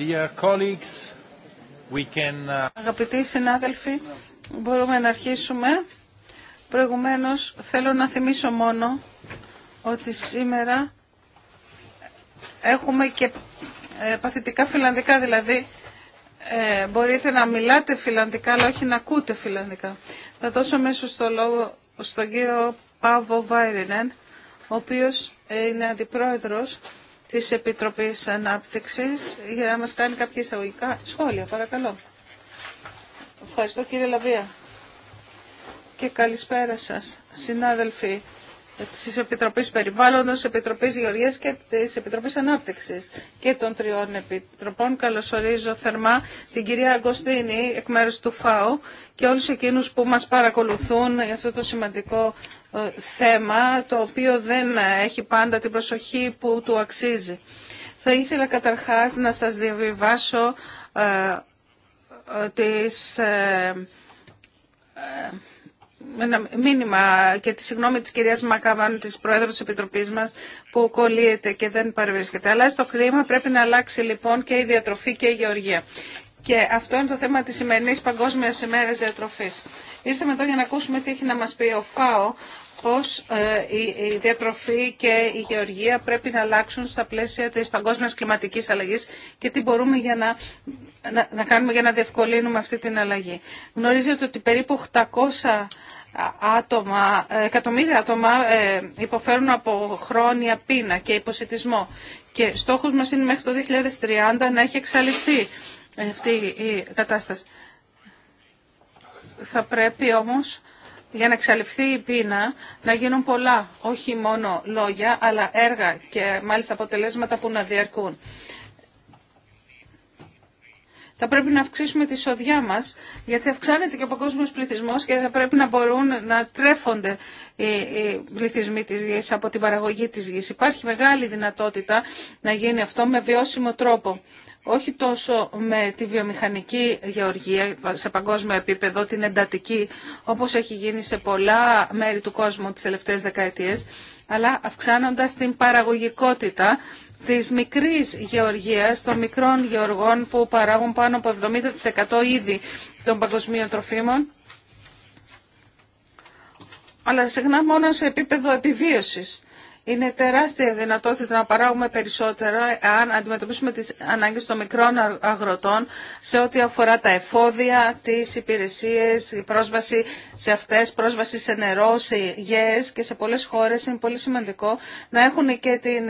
Uh, Αγαπητοί συνάδελφοι, μπορούμε να αρχίσουμε. Προηγουμένως, θέλω να θυμίσω μόνο ότι σήμερα έχουμε και ε, παθητικά φιλανδικά, δηλαδή ε, μπορείτε να μιλάτε φιλανδικά, αλλά όχι να ακούτε φιλανδικά. Θα δώσω μέσω στο λόγο στον κύριο Πάβο Βάιρινεν, ο οποίος είναι αντιπρόεδρος της Επιτροπής Ανάπτυξης για να μας κάνει κάποια εισαγωγικά σχόλια. Παρακαλώ. Ευχαριστώ κύριε Λαβία. Και καλησπέρα σας, συνάδελφοι. Τη Επιτροπή Περιβάλλοντος, τη Επιτροπή Γεωργίας και τη Επιτροπή Ανάπτυξης και των τριών επιτροπών. Καλωσορίζω θερμά την κυρία Αγκοστίνη εκ μέρους του ΦΑΟ και όλους εκείνους που μας παρακολουθούν για αυτό το σημαντικό ε, θέμα το οποίο δεν έχει πάντα την προσοχή που του αξίζει. Θα ήθελα καταρχάς να σας διαβιβάσω ε, ε, τις ένα μήνυμα και τη συγγνώμη της κυρίας Μακαβάν της Πρόεδρου της Επιτροπής μας, που κολλείεται και δεν παρευρίσκεται. Αλλά στο χρήμα πρέπει να αλλάξει λοιπόν και η διατροφή και η γεωργία. Και αυτό είναι το θέμα της σημερινής Παγκόσμιας ημέρας διατροφής. Ήρθαμε εδώ για να ακούσουμε τι έχει να μας πει ο ΦΑΟ, πώς ε, η διατροφή και η γεωργία πρέπει να αλλάξουν στα πλαίσια της παγκόσμιας κλιματικής αλλαγής και τι μπορούμε για να, να, να κάνουμε για να διευκολύνουμε αυτή την αλλαγή. Γνωρίζετε ότι περίπου 800 άτομα, εκατομμύρια άτομα ε, υποφέρουν από χρόνια πείνα και υποσυτισμό. Και στόχος μας είναι μέχρι το 2030 να έχει εξαλειφθεί αυτή η κατάσταση. Θα πρέπει όμως για να εξαλειφθεί η πείνα να γίνουν πολλά, όχι μόνο λόγια, αλλά έργα και μάλιστα αποτελέσματα που να διαρκούν θα πρέπει να αυξήσουμε τη σοδιά μας, γιατί αυξάνεται και ο παγκόσμιο πληθυσμό και θα πρέπει να μπορούν να τρέφονται οι πληθυσμοί της γης από την παραγωγή της γης. Υπάρχει μεγάλη δυνατότητα να γίνει αυτό με βιώσιμο τρόπο. Όχι τόσο με τη βιομηχανική γεωργία σε παγκόσμιο επίπεδο, την εντατική, όπως έχει γίνει σε πολλά μέρη του κόσμου τις τελευταίες δεκαετίες, αλλά αυξάνοντας την παραγωγικότητα της μικρής γεωργίας, των μικρών γεωργών που παράγουν πάνω από 70% ήδη των παγκοσμίων τροφίμων, αλλά συχνά μόνο σε επίπεδο επιβίωσης. Είναι τεράστια δυνατότητα να παράγουμε περισσότερα αν αντιμετωπίσουμε τις ανάγκες των μικρών αγροτών σε ό,τι αφορά τα εφόδια, τις υπηρεσίες, η πρόσβαση σε αυτές, πρόσβαση σε νερό, σε γέες και σε πολλές χώρες είναι πολύ σημαντικό να έχουν και την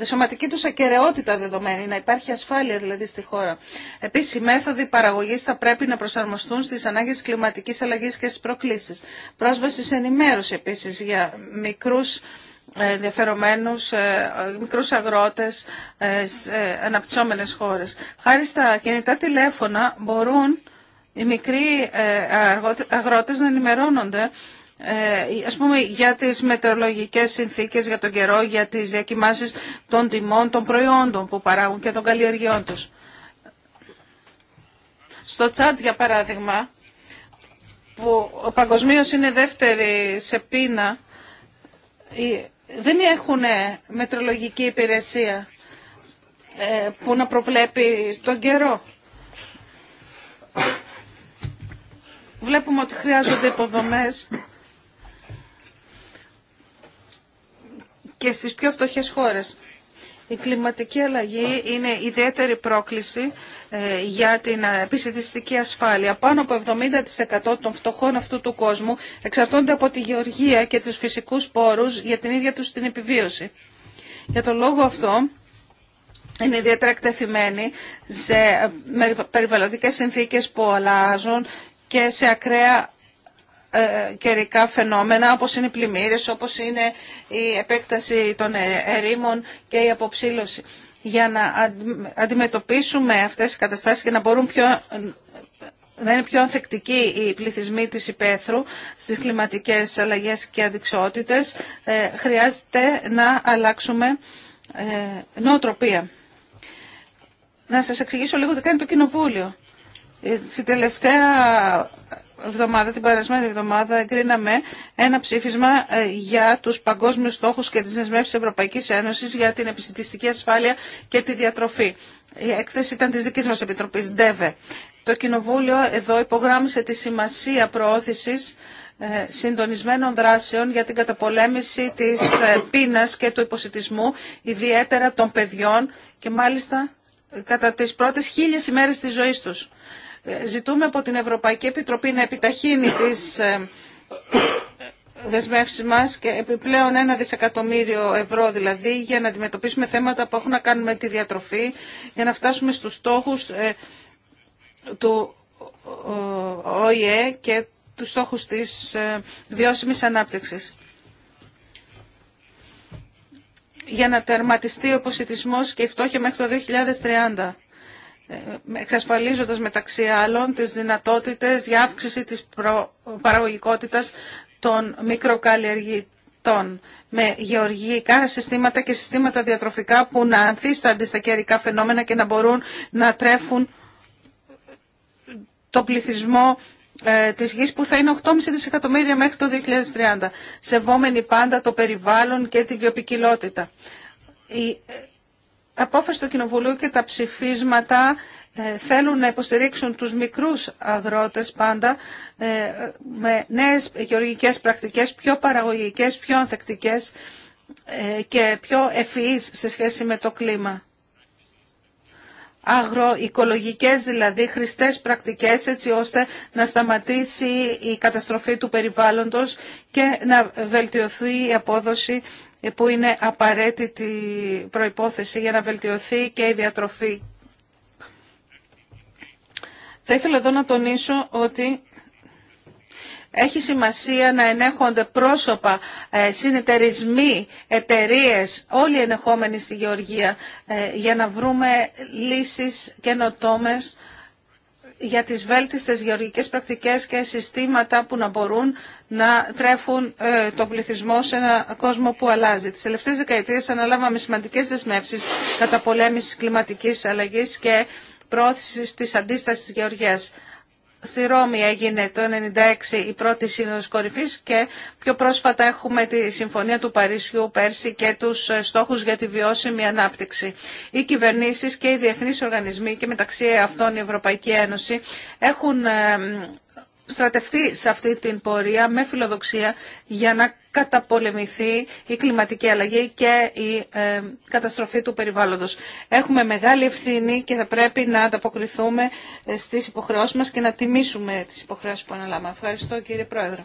ε, σωματική τους ακαιρεότητα δεδομένη, να υπάρχει ασφάλεια δηλαδή στη χώρα. Επίσης οι μέθοδοι παραγωγής θα πρέπει να προσαρμοστούν στις ανάγκες της κλιματικής αλλαγής και στις προκλήσεις. Πρόσβαση σε ενημέρωση επίσης για μικρούς ενδιαφερομένου, ε, μικρούς αγρότες ε, σε αναπτυσσόμενες χώρες. Χάρη στα κινητά τηλέφωνα μπορούν οι μικροί ε, αγρότες να ενημερώνονται ας πούμε για τις μετεωρολογικές συνθήκες, για τον καιρό, για τις διακοιμάσεις των τιμών των προϊόντων που παράγουν και των καλλιεργειών τους. Στο τσάντ για παράδειγμα, που ο παγκοσμίος είναι δεύτερη σε πείνα, δεν έχουν μετρολογική υπηρεσία ε, που να προβλέπει τον καιρό. Βλέπουμε ότι χρειάζονται υποδομές και στις πιο φτωχές χώρες. Η κλιματική αλλαγή είναι ιδιαίτερη πρόκληση ε, για την ε, επιστημιστική ασφάλεια. Πάνω από 70% των φτωχών αυτού του κόσμου εξαρτώνται από τη γεωργία και τους φυσικούς πόρους για την ίδια τους την επιβίωση. Για τον λόγο αυτό είναι ιδιαίτερα εκτεθειμένοι σε ε, περιβαλλοντικές συνθήκες που αλλάζουν και σε ακραία ε, καιρικά φαινόμενα όπως είναι οι πλημμύρες, όπως είναι η επέκταση των ε, ερήμων και η αποψήλωση. Για να αντιμετωπίσουμε αυτές τις καταστάσεις και να μπορούν πιο, να είναι πιο ανθεκτικοί οι πληθυσμοί της υπαίθρου στις κλιματικές αλλαγές και αδειξότητες, ε, χρειάζεται να αλλάξουμε νοοτροπία. Να σας εξηγήσω λίγο τι κάνει το Κοινοβούλιο. Στην τελευταία εβδομάδα, την περασμένη εβδομάδα, εγκρίναμε ένα ψήφισμα ε, για τους παγκόσμιους στόχους και τις της Ευρωπαϊκής Ένωσης για την επιστημιστική ασφάλεια και τη διατροφή. Η έκθεση ήταν της δικής μας Επιτροπής, ΔΕΒΕ. Το Κοινοβούλιο εδώ υπογράμμισε τη σημασία προώθησης ε, συντονισμένων δράσεων για την καταπολέμηση της ε, πείνας και του υποσυτισμού, ιδιαίτερα των παιδιών και μάλιστα κατά τις πρώτες χίλιες ημέρες της ζωής τους. Ε, ζητούμε από την Ευρωπαϊκή Επιτροπή να επιταχύνει τις ε, δεσμεύσει μας και επιπλέον ένα δισεκατομμύριο ευρώ δηλαδή για να αντιμετωπίσουμε θέματα που έχουν να κάνουν με τη διατροφή για να φτάσουμε στους στόχους ε, του ΟΗΕ και τους στόχους της βιώσιμης ανάπτυξης για να τερματιστεί ο ποσιτισμός και η φτώχεια μέχρι το 2030. Ε, εξασφαλίζοντας μεταξύ άλλων τις δυνατότητες για αύξηση της παραγωγικότητας των μικροκαλλιεργητών με γεωργικά συστήματα και συστήματα διατροφικά που να ανθίστανται στα καιρικά φαινόμενα και να μπορούν να τρέφουν το πληθυσμό ε, της γης που θα είναι 8,5 δισεκατομμύρια μέχρι το 2030, σεβόμενοι πάντα το περιβάλλον και την βιοπικιλότητα. Η ε, απόφαση του Κοινοβουλίου και τα ψηφίσματα ε, θέλουν να υποστηρίξουν τους μικρούς αγρότες πάντα ε, με νέες γεωργικές πρακτικές, πιο παραγωγικές, πιο ανθεκτικές ε, και πιο ευφυείς σε σχέση με το κλίμα. Αγροοικολογικές δηλαδή, χρηστές πρακτικές έτσι ώστε να σταματήσει η καταστροφή του περιβάλλοντος και να βελτιωθεί η απόδοση ε, που είναι απαραίτητη προϋπόθεση για να βελτιωθεί και η διατροφή. Θα ήθελα εδώ να τονίσω ότι έχει σημασία να ενέχονται πρόσωπα, ε, συνεταιρισμοί, εταιρείε, όλοι ενεχόμενοι στη Γεωργία, ε, για να βρούμε λύσεις καινοτόμες για τις βέλτιστες γεωργικές πρακτικές και συστήματα που να μπορούν να τρέφουν ε, τον πληθυσμό σε ένα κόσμο που αλλάζει. Τις τελευταίες δεκαετίες αναλάβαμε σημαντικές δεσμεύσεις κατά πολέμησης κλιματικής αλλαγής και πρόθεσης της αντίστασης της γεωργίας. Στη Ρώμη έγινε το 1996 η πρώτη σύνοδος κορυφής και πιο πρόσφατα έχουμε τη Συμφωνία του Παρίσιου πέρσι και τους ε, στόχους για τη βιώσιμη ανάπτυξη. Οι κυβερνήσεις και οι διεθνείς οργανισμοί και μεταξύ αυτών η Ευρωπαϊκή Ένωση έχουν ε, στρατευτεί σε αυτή την πορεία με φιλοδοξία για να καταπολεμηθεί η κλιματική αλλαγή και η ε, καταστροφή του περιβάλλοντος. Έχουμε μεγάλη ευθύνη και θα πρέπει να ανταποκριθούμε ε, στις υποχρεώσεις μας και να τιμήσουμε τις υποχρεώσεις που αναλάμε. Ευχαριστώ κύριε Πρόεδρε.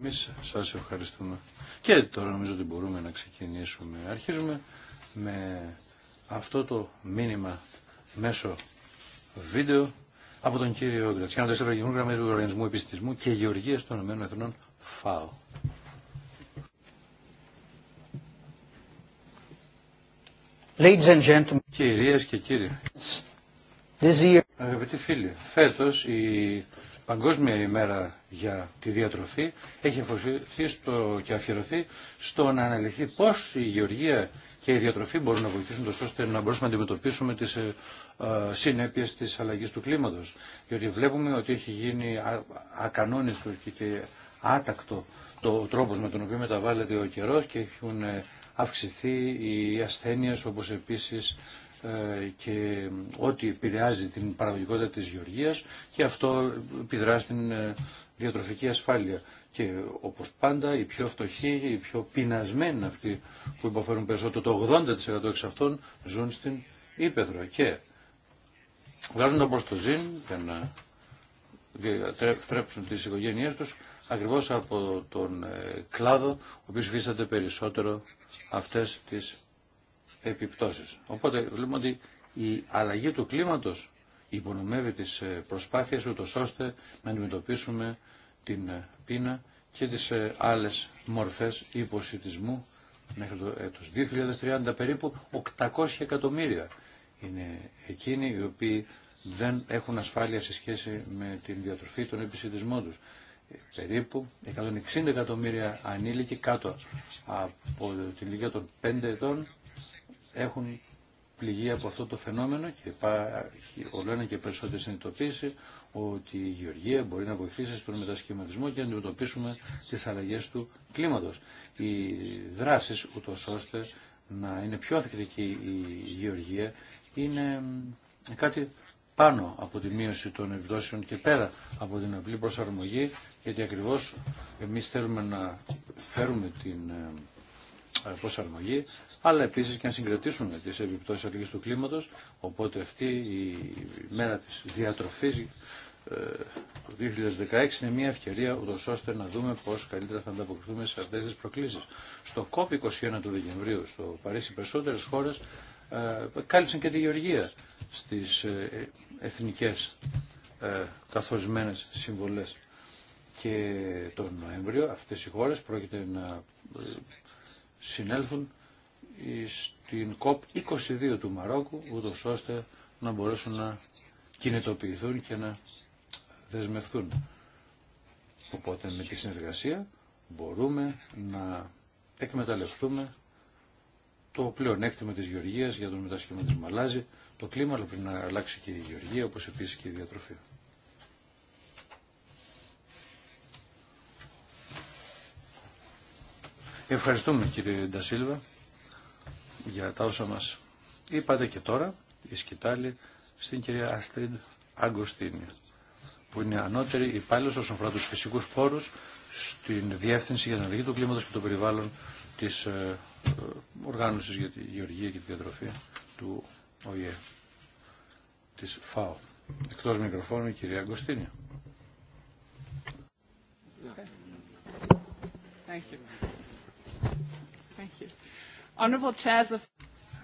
Εμείς σας ευχαριστούμε. Και τώρα νομίζω ότι μπορούμε να ξεκινήσουμε. Αρχίζουμε με αυτό το μήνυμα μέσω βίντεο από τον κύριο Όγκρατ, και τον Ευρωπαϊκό Γραμματέα του Οργανισμού Επιστημισμού και Γεωργία των Ηνωμένων Εθνών ΦΑΟ. Ladies Κυρίες και κύριοι. Αγαπητοί φίλοι, φέτος η Παγκόσμια ημέρα για τη διατροφή έχει αφοσιωθεί στο και αφιερωθεί στο να αναλυθεί πώς η γεωργία και η διατροφή μπορούν να βοηθήσουν τόσο ώστε να μπορούμε να αντιμετωπίσουμε τις ε, ε, συνέπειες της αλλαγής του κλίματος. Γιατί βλέπουμε ότι έχει γίνει α, ακανόνιστο και, άτακτο το τρόπο με τον οποίο μεταβάλλεται ο καιρό και έχουν ε, αυξηθεί η ασθένεια όπως επίσης ε, και ό,τι επηρεάζει την παραγωγικότητα της γεωργίας και αυτό επιδρά στην ε, διατροφική ασφάλεια. Και όπως πάντα οι πιο φτωχοί, οι πιο πεινασμένοι αυτοί που υποφέρουν περισσότερο, το 80% εξ αυτών ζουν στην Ήπεθρο και βγάζουν το προστοζήν για να θρέψουν τις οικογένειές τους ακριβώς από τον ε, κλάδο ο οποίος βίσταται περισσότερο αυτές τις επιπτώσεις. Οπότε βλέπουμε ότι η αλλαγή του κλίματος υπονομεύει τις ε, προσπάθειες ούτως ώστε να αντιμετωπίσουμε την ε, πείνα και τις άλλες μορφές υποσυτισμού μέχρι το έτος 2030 περίπου 800 εκατομμύρια είναι εκείνοι οι οποίοι δεν έχουν ασφάλεια σε σχέση με την διατροφή, των επισητισμό τους περίπου 160 εκατομμύρια ανήλικοι κάτω από την ηλικία των 5 ετών έχουν πληγεί από αυτό το φαινόμενο και υπάρχει όλο ένα και περισσότερη συνειδητοποίηση ότι η γεωργία μπορεί να βοηθήσει στον μετασχηματισμό και να αντιμετωπίσουμε τις αλλαγές του κλίματος. Οι δράσεις ούτω ώστε να είναι πιο ανθεκτική η γεωργία είναι κάτι πάνω από τη μείωση των επιδόσεων και πέρα από την απλή προσαρμογή, γιατί ακριβώς εμείς θέλουμε να φέρουμε την ε, ε, προσαρμογή, αλλά επίσης και να συγκρατήσουμε τις επιπτώσεις αλλαγής του κλίματος, οπότε αυτή η μέρα της διατροφής ε, το 2016 είναι μια ευκαιρία ούτως ώστε να δούμε πώς καλύτερα θα ανταποκριθούμε σε αυτές τις προκλήσεις. Στο COP21 του Δεκεμβρίου, στο Παρίσι, περισσότερες χώρες ε, κάλυψαν και τη γεωργία στις ε, εθνικές ε, καθορισμένες συμβολές. Και τον Νοέμβριο αυτές οι χώρες πρόκειται να συνέλθουν στην ΚΟΠ 22 του Μαρόκου, ούτω ώστε να μπορέσουν να κινητοποιηθούν και να δεσμευθούν. Οπότε με τη συνεργασία μπορούμε να εκμεταλλευτούμε το πλεονέκτημα της γεωργίας για τον μετασχηματισμό. Αλλάζει το κλίμα, αλλά πρέπει να αλλάξει και η γεωργία, όπως επίσης και η διατροφή. Ευχαριστούμε κύριε Ντασίλβα για τα όσα μας είπατε και τώρα η σκητάλη στην κυρία Αστρίντ Αγκοστίνη που είναι ανώτερη υπάλληλο όσον αφορά του φυσικού πόρου στην Διεύθυνση για την Αλλαγή του Κλίματο και των περιβάλλων τη ε, οργάνωσης για τη γεωργία και τη διατροφή του ΟΗΕ, της ΦΑΟ. Εκτός μικροφώνου η κυρία Αγκοστίνη.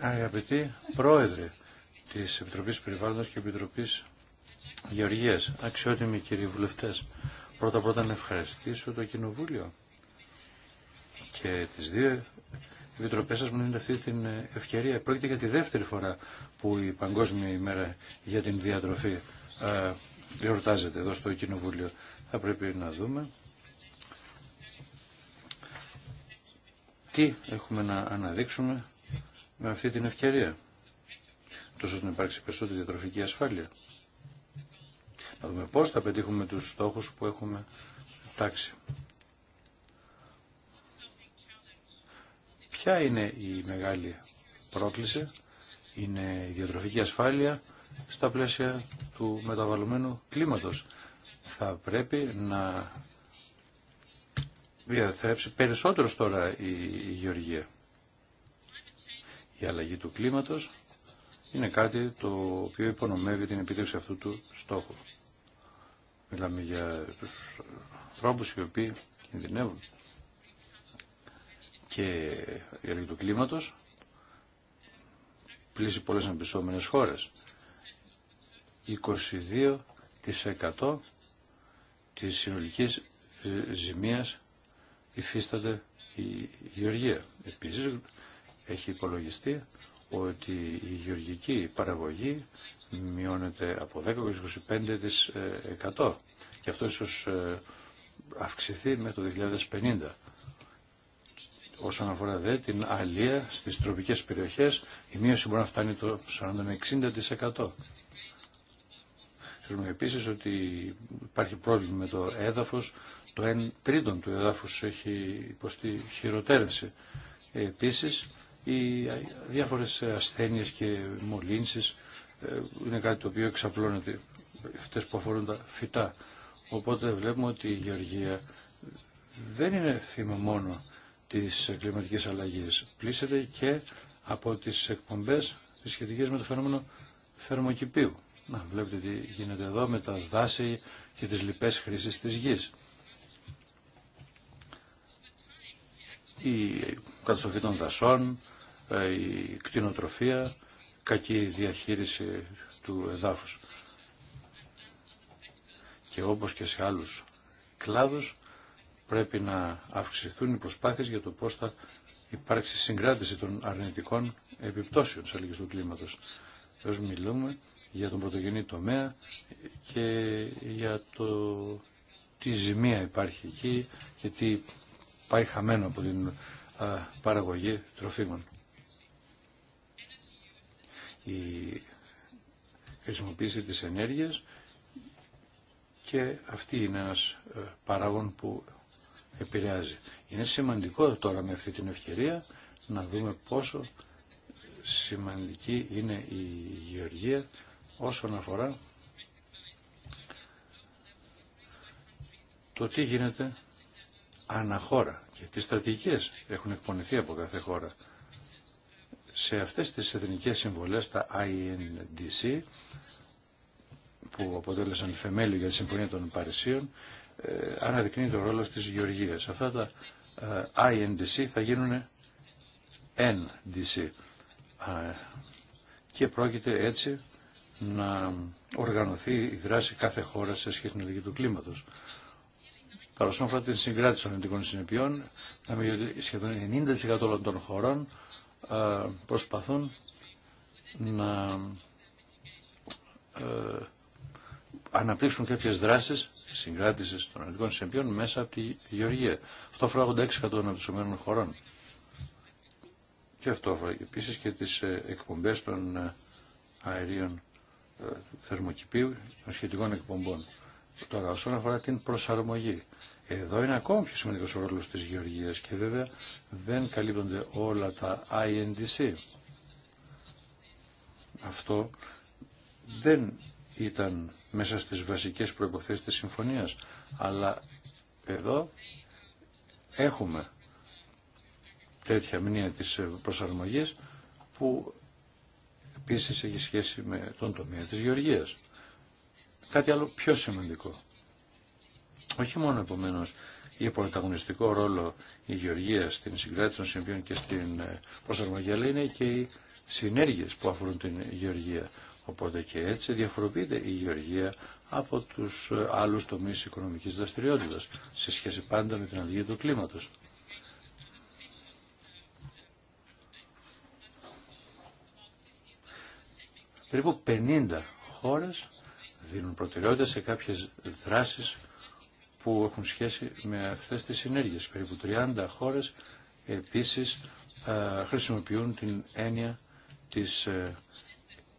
Αγαπητοί πρόεδροι της Επιτροπής Περιβάλλοντος και Επιτροπής Γεωργίας, αξιότιμοι κύριοι βουλευτές, πρώτα πρώτα να ευχαριστήσω το Κοινοβούλιο και τις δύο Επιτροπή σα μου είναι αυτή την ε, ευκαιρία. Πρόκειται για τη δεύτερη φορά που η Παγκόσμια ημέρα για την διατροφή ε, γιορτάζεται εδώ στο Κοινοβούλιο. Θα πρέπει να δούμε τι έχουμε να αναδείξουμε με αυτή την ευκαιρία. Τόσο να υπάρξει περισσότερη διατροφική ασφάλεια. Να δούμε πώς θα πετύχουμε τους στόχους που έχουμε τάξει. Ποια είναι η μεγάλη πρόκληση, είναι η διατροφική ασφάλεια στα πλαίσια του μεταβαλλουμένου κλίματος. Θα πρέπει να διαθρέψει περισσότερο τώρα η, η γεωργία. Η αλλαγή του κλίματος είναι κάτι το οποίο υπονομεύει την επιτεύξη αυτού του στόχου. Μιλάμε για τους ανθρώπους οι οποίοι κινδυνεύουν και η αλλαγή του κλίματος πλήσει πολλές εμπισόμενες χώρες. 22% της συνολικής ε, ζημίας υφίσταται η γεωργία. Επίσης έχει υπολογιστεί ότι η γεωργική παραγωγή μειώνεται από 10-25% και αυτό ίσως ε, αυξηθεί με το 2050. Όσον αφορά δε την αλία στις τροπικές περιοχές, η μείωση μπορεί να φτάνει το 40 με 60%. Ξέρουμε επίσης ότι υπάρχει πρόβλημα με το έδαφος, το 1 τρίτον του εδάφους έχει υποστεί χειροτέρευση. Επίσης, οι διάφορες ασθένειες και μολύνσεις ε, είναι κάτι το οποίο εξαπλώνεται αυτές που αφορούν τα φυτά. Οπότε βλέπουμε ότι η γεωργία δεν είναι θύμα μόνο της κλιματικής αλλαγής. Πλήσεται και από τις εκπομπές τις σχετικές με το φαινόμενο θερμοκηπίου. Να, βλέπετε τι γίνεται εδώ με τα δάση και τις λοιπές χρήσεις της γης. Η καταστροφή των δασών, ε, η κτηνοτροφία, κακή διαχείριση του εδάφους. Και όπως και σε άλλους κλάδους, πρέπει να αυξηθούν οι προσπάθειες για το πώς θα υπάρξει συγκράτηση των αρνητικών επιπτώσεων της αλληλεγγύης του κλίματος. Εδώ μιλούμε για τον πρωτογενή τομέα και για το τι ζημία υπάρχει εκεί και τι πάει χαμένο από την παραγωγή τροφίμων. Η χρησιμοποίηση της ενέργειας και αυτή είναι ένας ε, παράγον που επηρεάζει. Είναι σημαντικό τώρα με αυτή την ευκαιρία να δούμε πόσο σημαντική είναι η γεωργία όσον αφορά το τι γίνεται αναχώρα και τι στρατηγικές έχουν εκπονηθεί από κάθε χώρα. Σε αυτές τις εθνικές συμβολές, τα INDC, που αποτέλεσαν φεμέλιο για τη Συμφωνία των Παρισίων, ε, αναδεικνύει το ρόλο της γεωργίας. Αυτά τα ε, INDC θα γίνουν NDC και πρόκειται έτσι να οργανωθεί η δράση κάθε χώρα σε σχέση με την του κλίματος. Παρασόν αφορά την συγκράτηση των ελληνικών συνεπειών, σχεδόν 90% όλων των χωρών ε, προσπαθούν να αναπτύξουν κάποιες δράσεις συγκράτηση των αρνητικών συμπιών μέσα από τη Γεωργία. Αυτό αφορά 86% των αναπτυσσομένων χωρών. Και αυτό αφορά επίση και τις ε, εκπομπές των ε, αερίων ε, θερμοκηπίου των σχετικών εκπομπών. Τώρα, όσον αφορά την προσαρμογή, εδώ είναι ακόμη πιο σημαντικό ο ρόλο τη γεωργία και βέβαια δεν καλύπτονται όλα τα INDC. Αυτό δεν ήταν μέσα στις βασικές προϋποθέσεις της συμφωνίας. Αλλά εδώ έχουμε τέτοια μνήμα της προσαρμογής που επίσης έχει σχέση με τον τομέα της γεωργίας. Κάτι άλλο πιο σημαντικό. Όχι μόνο επομένως ή πρωταγωνιστικό ρόλο η γεωργία στην συγκράτηση των συμβίων και στην ε, προσαρμογή, αλλά είναι και οι συνέργειες που αφορούν την γεωργία. Οπότε και έτσι διαφοροποιείται η γεωργία από τους άλλους τομείς οικονομικής δραστηριότητας σε σχέση πάντα με την αλλαγή του κλίματος. Περίπου 50 χώρες δίνουν προτεραιότητα σε κάποιες δράσεις που έχουν σχέση με αυτές τις συνέργειες. Περίπου 30 χώρες επίσης ε, χρησιμοποιούν την έννοια της ε,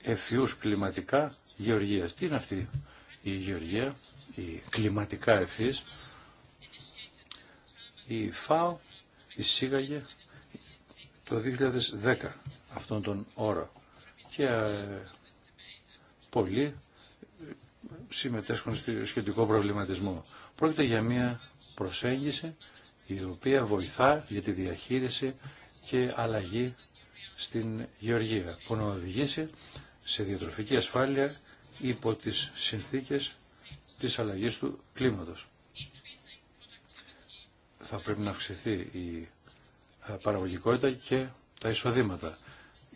ευφυούς κλιματικά γεωργίας. Τι είναι αυτή η γεωργία, η κλιματικά εφής Η ΦΑΟ εισήγαγε το 2010 αυτόν τον όρο και ε, πολλοί συμμετέσχουν στο σχετικό προβληματισμό. Πρόκειται για μια προσέγγιση η οποία βοηθά για τη διαχείριση και αλλαγή στην γεωργία που να οδηγήσει σε διατροφική ασφάλεια υπό τις συνθήκες της αλλαγής του κλίματος. Θα πρέπει να αυξηθεί η ε, παραγωγικότητα και τα εισοδήματα.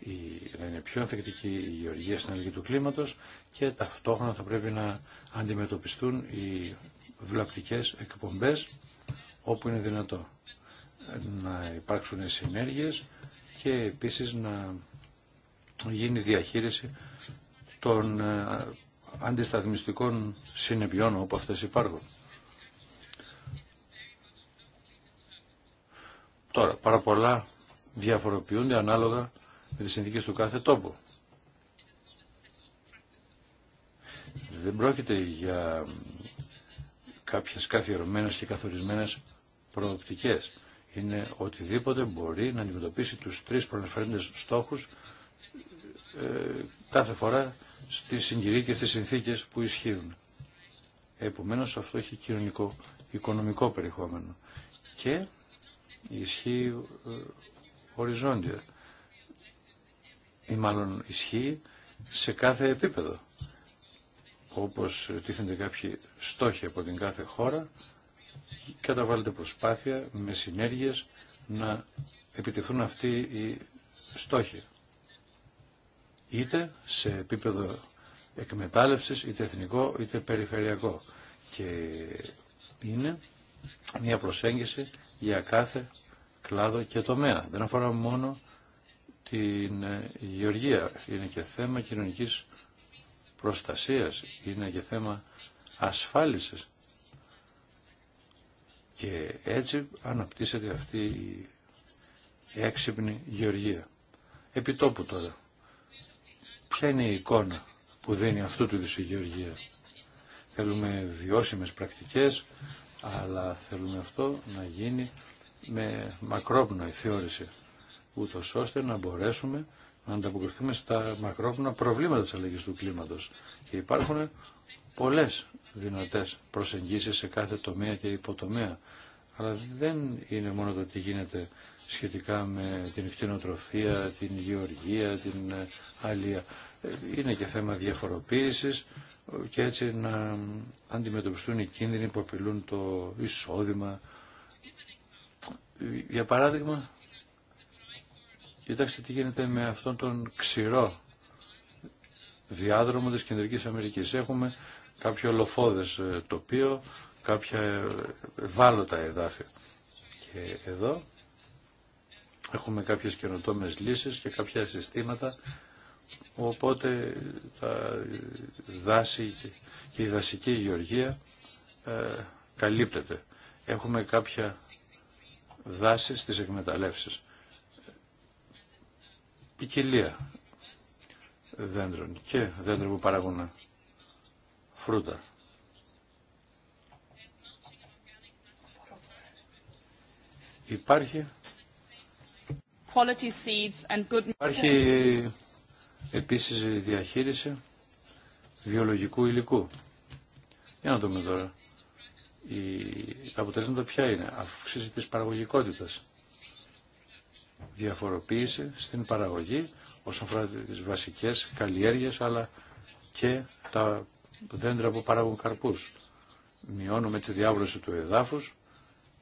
Η, να είναι πιο ανθεκτική η γεωργία στην αλλαγή του κλίματος και ταυτόχρονα θα πρέπει να αντιμετωπιστούν οι βλαπτικές εκπομπές όπου είναι δυνατό. Να υπάρξουν συνέργειες και επίσης να γίνει διαχείριση των ε, αντισταθμιστικών συνεπειών όπου αυτές υπάρχουν. Τώρα, πάρα πολλά διαφοροποιούνται ανάλογα με τις συνθήκες του κάθε τόπου. Δεν πρόκειται για κάποιες καθιερωμένες και καθορισμένες προοπτικές. Είναι οτιδήποτε μπορεί να αντιμετωπίσει τους τρεις προανεφερέντες στόχους ε, κάθε φορά στη συγκυρία και στις συνθήκες που ισχύουν. Επομένως αυτό έχει κοινωνικό, οικονομικό περιεχόμενο και ισχύει ε, οριζόντια ή μάλλον ισχύει σε κάθε επίπεδο όπως τίθενται κάποιοι στόχοι από την κάθε χώρα καταβάλλεται προσπάθεια με συνέργειες να επιτεθούν αυτοί οι στόχοι είτε σε επίπεδο εκμετάλλευσης, είτε εθνικό, είτε περιφερειακό. Και είναι μια προσέγγιση για κάθε κλάδο και τομέα. Δεν αφορά μόνο την ε, γεωργία. Είναι και θέμα κοινωνικής προστασίας. Είναι και θέμα ασφάλισης. Και έτσι αναπτύσσεται αυτή η έξυπνη γεωργία. Επιτόπου τώρα. Ποια είναι η εικόνα που δίνει αυτού του είδους η γεωργία. Θέλουμε βιώσιμες πρακτικές, αλλά θέλουμε αυτό να γίνει με μακρόπνοη θεώρηση, ούτω ώστε να μπορέσουμε να ανταποκριθούμε στα μακρόπνοα προβλήματα της αλλαγής του κλίματος. Και υπάρχουν πολλές δυνατές προσεγγίσεις σε κάθε τομέα και υποτομέα. Αλλά δεν είναι μόνο το τι γίνεται σχετικά με την φτηνοτροφία, την γεωργία, την αλία. Είναι και θέμα διαφοροποίησης και έτσι να αντιμετωπιστούν οι κίνδυνοι που απειλούν το εισόδημα. Για παράδειγμα, κοιτάξτε τι γίνεται με αυτόν τον ξηρό διάδρομο της Κεντρικής Αμερικής. Έχουμε κάποιο λοφόδες ε, τοπίο, κάποια βάλωτα εδάφια. Και εδώ Έχουμε κάποιες καινοτόμες λύσεις και κάποια συστήματα, οπότε τα δάση και η δασική γεωργία ε, καλύπτεται. Έχουμε κάποια δάση στις εκμεταλλεύσεις. Ποικιλία δέντρων και δέντρων που παράγουν φρούτα. Υπάρχει Υπάρχει επίσης διαχείριση βιολογικού υλικού. Για να δούμε τώρα. Η... αποτελέσματα ποια είναι. Αυξήση της παραγωγικότητας. Διαφοροποίηση στην παραγωγή όσον αφορά τις βασικές καλλιέργειες αλλά και τα δέντρα που παράγουν καρπούς. Μειώνουμε τη διάβρωση του εδάφους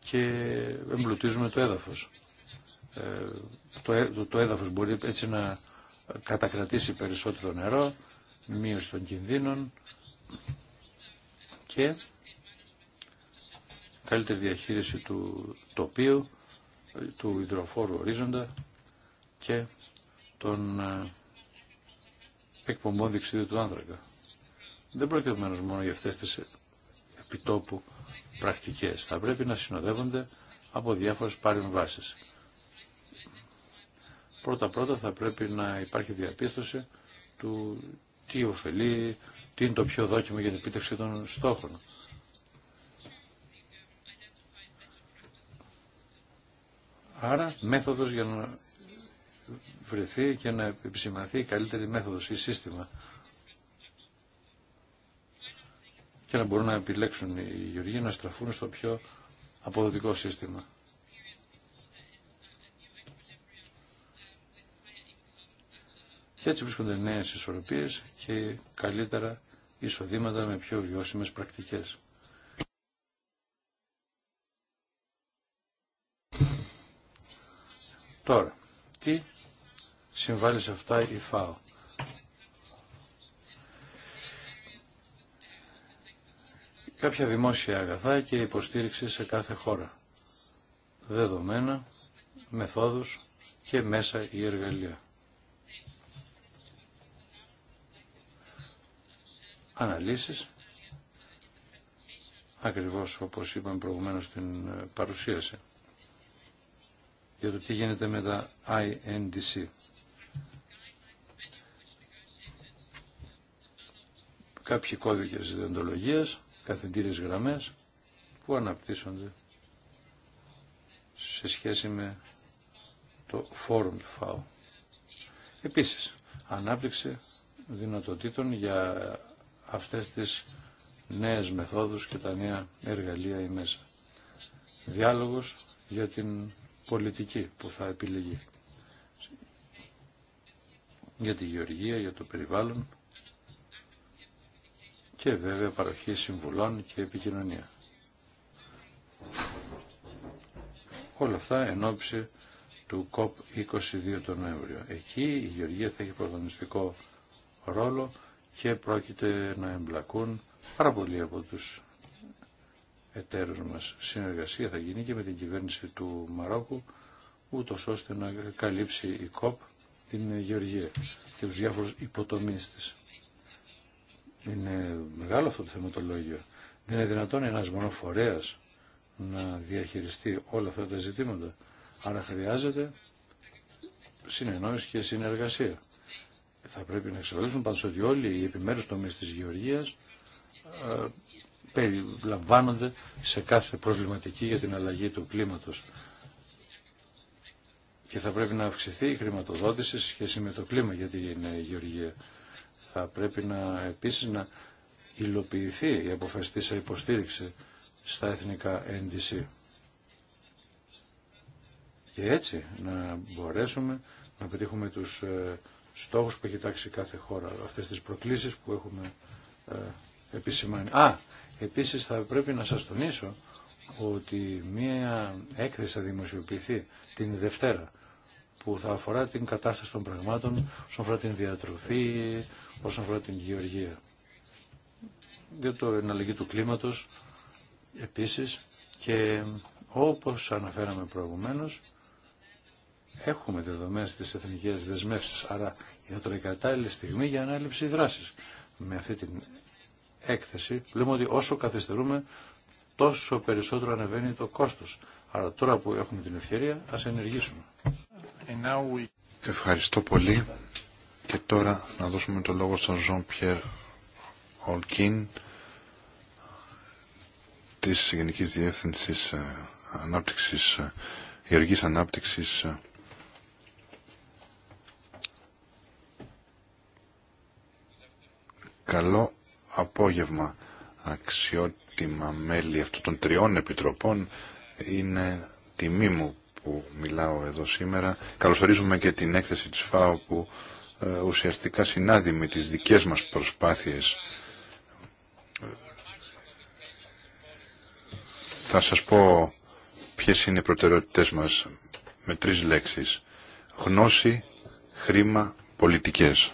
και εμπλουτίζουμε το έδαφος. Ε, ε, το, το έδαφος μπορεί έτσι να κατακρατήσει περισσότερο νερό, μείωση των κινδύνων και καλύτερη διαχείριση του τοπίου, του υδροφόρου ορίζοντα και των ε, εκπομπών διεξιδίου του άνθρακα. Δεν πρόκειται μόνο για αυτές τις επιτόπου πρακτικές. Θα πρέπει να συνοδεύονται από διάφορες βάσεις πρώτα-πρώτα θα πρέπει να υπάρχει διαπίστωση του τι ωφελεί, τι είναι το πιο δόκιμο για την επίτευξη των στόχων. Άρα μέθοδος για να βρεθεί και να επισημανθεί η καλύτερη μέθοδος ή σύστημα και να μπορούν να επιλέξουν οι γεωργοί να στραφούν στο πιο αποδοτικό σύστημα. Και έτσι βρίσκονται νέε ισορροπίε και καλύτερα εισοδήματα με πιο βιώσιμε πρακτικέ. Τώρα, τι συμβάλλει σε αυτά η ΦΑΟ. κάποια δημόσια αγαθά και υποστήριξη σε κάθε χώρα. Δεδομένα, μεθόδους και μέσα ή εργαλεία. αναλύσεις ακριβώς όπως είπαμε προηγουμένως στην ε, παρουσίαση για το τι γίνεται με τα INDC. Κάποιοι κώδικες ιδεντολογίας, καθεντήριες γραμμές που αναπτύσσονται σε σχέση με το φόρουμ του ΦΑΟ. Επίσης, ανάπτυξη δυνατοτήτων για αυτές τις νέες μεθόδους και τα νέα εργαλεία ή μέσα. Διάλογος για την πολιτική που θα επιλεγεί. Για τη γεωργία, για το περιβάλλον και βέβαια παροχή συμβουλών και επικοινωνία. Όλα αυτά εν του COP22 τον Νοέμβριο. Εκεί η Γεωργία θα έχει πρωταγωνιστικό ρόλο και πρόκειται να εμπλακούν πάρα πολλοί από τους εταίρους μας. Συνεργασία θα γίνει και με την κυβέρνηση του Μαρόκου, ούτω ώστε να καλύψει η ΚΟΠ την Γεωργία και τους διάφορους υποτομείς της. Είναι μεγάλο αυτό το θεματολόγιο. Δεν είναι δυνατόν ένας μονοφορέας να διαχειριστεί όλα αυτά τα ζητήματα. Άρα χρειάζεται συνεννόηση και συνεργασία. Θα πρέπει να εξελίξουν πάντως ότι όλοι οι επιμέρους τομείς της γεωργίας ε, περιλαμβάνονται σε κάθε προβληματική για την αλλαγή του κλίματος. Και θα πρέπει να αυξηθεί η χρηματοδότηση σε σχέση με το κλίμα για την ε, γεωργία. Θα πρέπει να επίσης να υλοποιηθεί η αποφασιστήσα υποστήριξη στα εθνικά NDC. Και έτσι να μπορέσουμε να πετύχουμε τους ε, στόχου που έχει τάξει κάθε χώρα, αυτές τις προκλήσεις που έχουμε ε, επισημάνει. Α, επίσης θα πρέπει να σας τονίσω ότι μία έκθεση θα δημοσιοποιηθεί την Δευτέρα που θα αφορά την κατάσταση των πραγμάτων όσον αφορά την διατροφή, όσον αφορά την γεωργία. Για το εναλλαγή του κλίματος επίσης και όπως αναφέραμε προηγουμένως έχουμε δεδομένες τις εθνικές δεσμεύσεις, άρα είναι τώρα η κατάλληλη στιγμή για ανάληψη δράσης. Με αυτή την έκθεση λέμε ότι όσο καθυστερούμε τόσο περισσότερο ανεβαίνει το κόστος. Άρα τώρα που έχουμε την ευκαιρία ας ενεργήσουμε. Ευχαριστώ πολύ και τώρα να δώσουμε το λόγο στον Ζων Πιέρ Ολκίν της Γενικής Διεύθυνσης ε, Ανάπτυξης ε, Γεωργής Ανάπτυξης ε, Καλό απόγευμα αξιότιμα μέλη αυτών των τριών επιτροπών. Είναι τιμή μου που μιλάω εδώ σήμερα. Καλωσορίζουμε και την έκθεση της ΦΑΟ που ε, ουσιαστικά συνάδει με τις δικές μας προσπάθειες. Θα σας πω ποιες είναι οι προτεραιότητες μας με τρεις λέξεις. Γνώση, χρήμα, πολιτικές.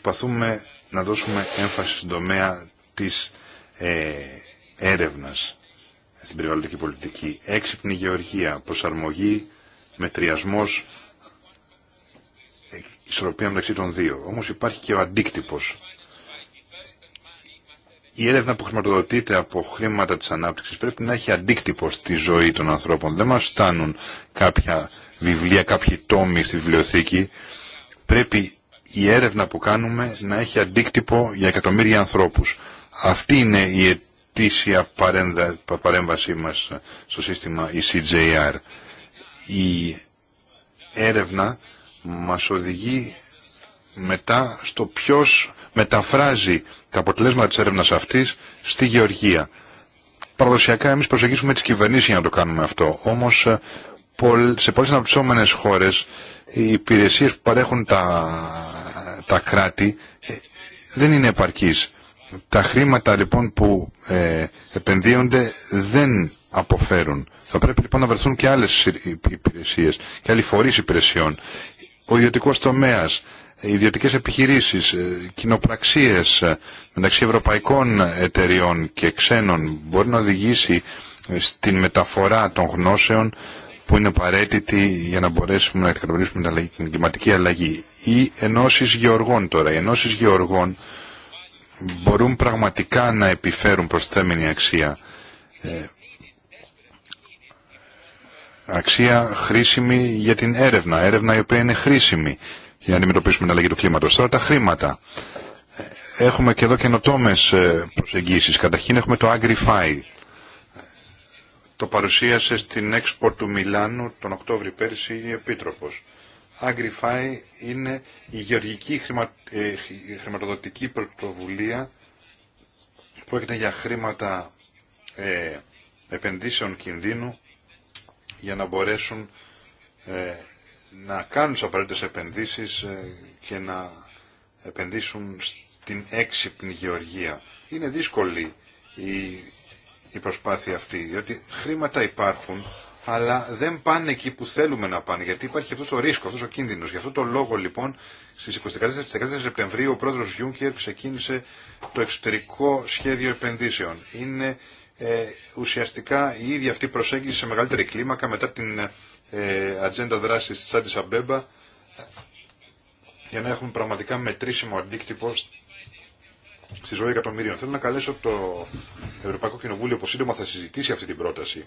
Προσπαθούμε να δώσουμε έμφαση στον τομέα της ε, έρευνας στην περιβαλλοντική πολιτική. Έξυπνη γεωργία, προσαρμογή, μετριασμός, ισορροπία μεταξύ των δύο. Όμως υπάρχει και ο αντίκτυπος. Η έρευνα που χρηματοδοτείται από χρήματα της ανάπτυξης πρέπει να έχει αντίκτυπο στη ζωή των ανθρώπων. Δεν μας στάνουν κάποια βιβλία, κάποιοι τόμοι στη βιβλιοθήκη. Πρέπει η έρευνα που κάνουμε να έχει αντίκτυπο για εκατομμύρια ανθρώπους. Αυτή είναι η ετήσια παρέμβασή μας στο σύστημα ECJR. Η έρευνα μας οδηγεί μετά στο ποιος μεταφράζει τα αποτελέσματα της έρευνας αυτής στη γεωργία. Παραδοσιακά εμείς προσεγγίσουμε τις κυβερνήσεις για να το κάνουμε αυτό. Όμως ε, σε πολλές αναπτυσσόμενες χώρες οι υπηρεσίες που παρέχουν τα τα κράτη ε, δεν είναι επαρκής. Τα χρήματα λοιπόν που ε, επενδύονται δεν αποφέρουν. Θα πρέπει λοιπόν να βρεθούν και άλλες υπηρεσίες και άλλοι φορείς υπηρεσιών. Ο ιδιωτικός τομέας, ε, ιδιωτικές επιχειρήσεις, κοινοπραξίες μεταξύ ευρωπαϊκών εταιριών και ξένων μπορεί να οδηγήσει στην μεταφορά των γνώσεων που είναι απαραίτητη για να μπορέσουμε να αντιμετωπίσουμε την κλιματική αλλαγή. Οι ενώσει γεωργών τώρα. Οι ενώσει γεωργών μπορούν πραγματικά να επιφέρουν προσθέμενη αξία. Ε, αξία χρήσιμη για την έρευνα. Έρευνα η οποία είναι χρήσιμη για να αντιμετωπίσουμε την αλλαγή του κλίματος. Τώρα τα χρήματα. Ε, έχουμε και εδώ καινοτόμε ε, προσεγγίσεις. Καταρχήν έχουμε το AgriFi το παρουσίασε στην Expo του Μιλάνου τον Οκτώβρη πέρσι η Επίτροπος. Agrify είναι η γεωργική ε, χρηματοδοτική πρωτοβουλία που έγινε για χρήματα ε, επενδύσεων κινδύνου για να μπορέσουν ε, να κάνουν τις απαραίτητες επενδύσεις και να επενδύσουν στην έξυπνη γεωργία. Είναι δύσκολη η η προσπάθεια αυτή, διότι χρήματα υπάρχουν, αλλά δεν πάνε εκεί που θέλουμε να πάνε, γιατί υπάρχει αυτό ο ρίσκο, αυτό ο κίνδυνο. Γι' αυτό το λόγο λοιπόν στι 24, Σεπτεμβρίου ο πρόεδρος Γιούγκερ ξεκίνησε το εξωτερικό σχέδιο επενδύσεων. Είναι ε, ουσιαστικά η ίδια αυτή προσέγγιση σε μεγαλύτερη κλίμακα μετά την ε, ατζέντα δράση τη Άντις Αμπέμπα ε, για να έχουμε πραγματικά μετρήσιμο αντίκτυπο στη ζωή εκατομμύριων. Θέλω να καλέσω το Ευρωπαϊκό Κοινοβούλιο που σύντομα θα συζητήσει αυτή την πρόταση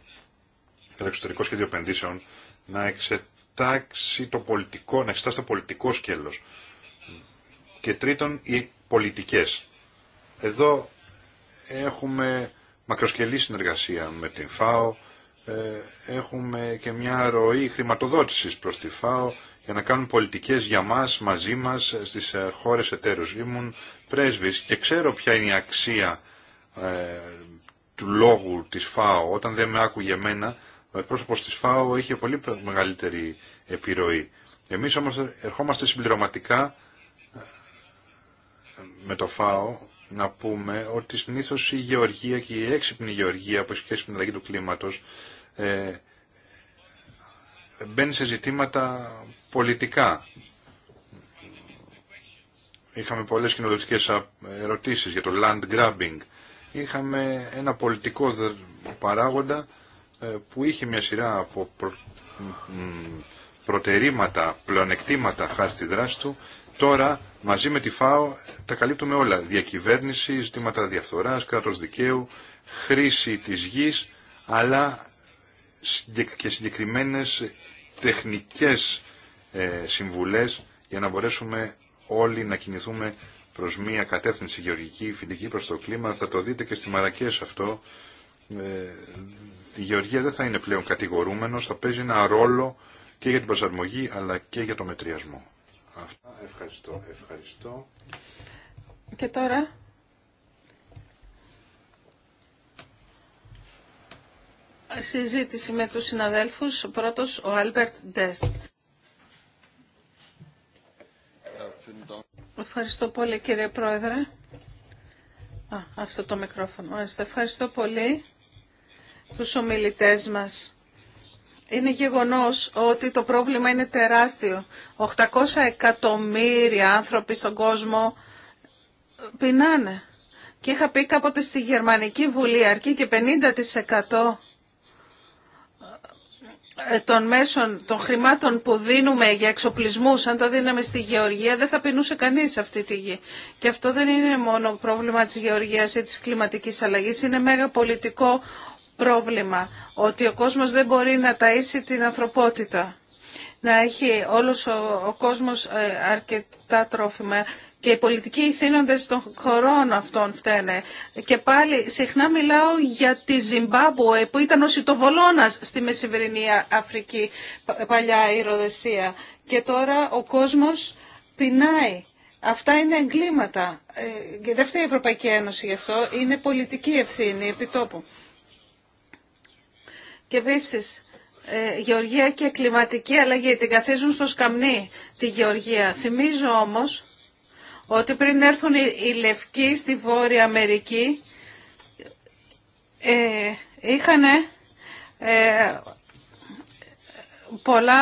για το εξωτερικό σχέδιο επενδύσεων να εξετάξει το πολιτικό, να εξετάσει το πολιτικό σκέλος. Και τρίτον, οι πολιτικές. Εδώ έχουμε μακροσκελή συνεργασία με την ΦΑΟ, ε, έχουμε και μια ροή χρηματοδότησης προς τη ΦΑΟ, για να κάνουν πολιτικές για μας, μαζί μας, στις ε, χώρες εταίρους. Ήμουν πρέσβης και ξέρω ποια είναι η αξία ε, του λόγου της ΦΑΟ. Όταν δεν με άκουγε εμένα, ο εκπρόσωπος της ΦΑΟ είχε πολύ μεγαλύτερη επιρροή. Εμείς όμως ερχόμαστε συμπληρωματικά ε, με το ΦΑΟ να πούμε ότι συνήθω η γεωργία και η έξυπνη γεωργία που έχει σχέση με την αλλαγή του κλίματος μπαίνει σε ζητήματα πολιτικά. Είχαμε πολλές κοινοδοτικές ερωτήσεις για το land grabbing. Είχαμε ένα πολιτικό παράγοντα ε, που είχε μια σειρά από προτερήματα, πλεονεκτήματα χάρη στη δράση του. Τώρα, μαζί με τη ΦΑΟ, τα καλύπτουμε όλα. Διακυβέρνηση, ζητήματα διαφθοράς, κράτος δικαίου, χρήση της γης, αλλά και συγκεκριμένες τεχνικές ε, συμβουλές για να μπορέσουμε όλοι να κινηθούμε προς μια κατεύθυνση γεωργική, φιλική προς το κλίμα. Θα το δείτε και στη Μαρακές αυτό. Ε, η γεωργία δεν θα είναι πλέον κατηγορούμενος, θα παίζει ένα ρόλο και για την προσαρμογή αλλά και για το μετριασμό. Αυτά. Ευχαριστώ. Ευχαριστώ. Και τώρα συζήτηση με τους συναδέλφους. Ο πρώτος, ο Άλμπερτ Ντέστ. Ευχαριστώ πολύ κύριε Πρόεδρε. Α, αυτό το μικρόφωνο. Ευχαριστώ πολύ τους ομιλητές μας. Είναι γεγονός ότι το πρόβλημα είναι τεράστιο. 800 εκατομμύρια άνθρωποι στον κόσμο πεινάνε. Και είχα πει κάποτε στη Γερμανική Βουλή, αρκεί και 50% ε, των μέσων, των χρημάτων που δίνουμε για εξοπλισμούς, αν τα δίναμε στη Γεωργία, δεν θα πεινούσε κανείς αυτή τη γη. Και αυτό δεν είναι μόνο πρόβλημα της Γεωργίας ή της κλιματικής αλλαγής, είναι μέγα πολιτικό πρόβλημα, ότι ο κόσμος δεν μπορεί να ταΐσει την ανθρωπότητα να έχει όλος ο, κόσμος ε, αρκετά τρόφιμα και οι πολιτικοί ηθήνοντες των χωρών αυτών φταίνε. Και πάλι συχνά μιλάω για τη Ζιμπάμπουε που ήταν ο Σιτοβολώνας στη Μεσημερινή Αφρική παλιά η Ροδεσία. Και τώρα ο κόσμος πεινάει. Αυτά είναι εγκλήματα. Ε, και δεν φταίει η Ευρωπαϊκή Ένωση γι' αυτό. Είναι πολιτική ευθύνη επιτόπου. Και ε, γεωργία και κλιματική αλλαγή. Την καθίζουν στο σκαμνί τη γεωργία. Θυμίζω όμως ότι πριν έρθουν οι Λευκοί στη Βόρεια Αμερική ε, είχαν ε, πολλά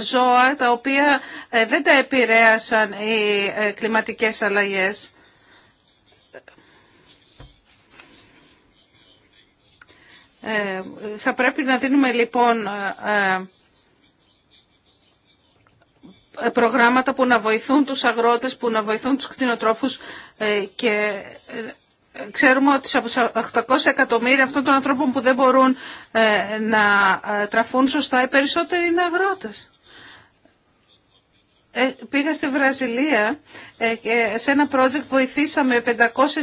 ζώα τα οποία δεν τα επηρέασαν οι κλιματικές αλλαγές. Ε, θα πρέπει να δίνουμε λοιπόν ε, ε, προγράμματα που να βοηθούν τους αγρότες, που να βοηθούν τους κτηνοτρόφους και ξέρουμε ότι από 800 εκατομμύρια αυτών των ανθρώπων που δεν μπορούν να τραφούν σωστά οι περισσότεροι είναι αγρότες. Ε, πήγα στη Βραζιλία ε, και σε ένα project βοηθήσαμε 500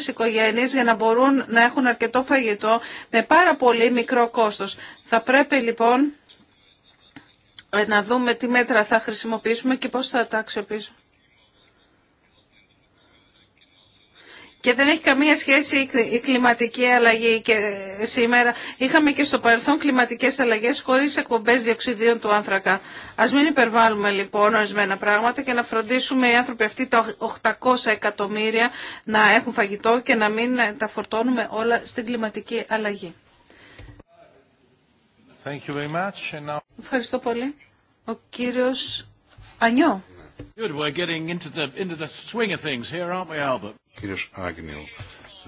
οικογένειες για να μπορούν να έχουν αρκετό φαγητό με πάρα πολύ μικρό κόστος. Θα πρέπει λοιπόν ε, να δούμε τι μέτρα θα χρησιμοποιήσουμε και πώς θα τα αξιοποιήσουμε. και δεν έχει καμία σχέση η κλιματική αλλαγή σήμερα. Είχαμε και στο παρελθόν κλιματικές αλλαγές χωρίς εκπομπές διοξιδίων του άνθρακα. Ας μην υπερβάλλουμε λοιπόν ορισμένα πράγματα και να φροντίσουμε οι άνθρωποι αυτοί τα 800 εκατομμύρια να έχουν φαγητό και να μην τα φορτώνουμε όλα στην κλιματική αλλαγή. Ευχαριστώ πολύ. Ο κύριος Ανιώ κύριος Άγνιου.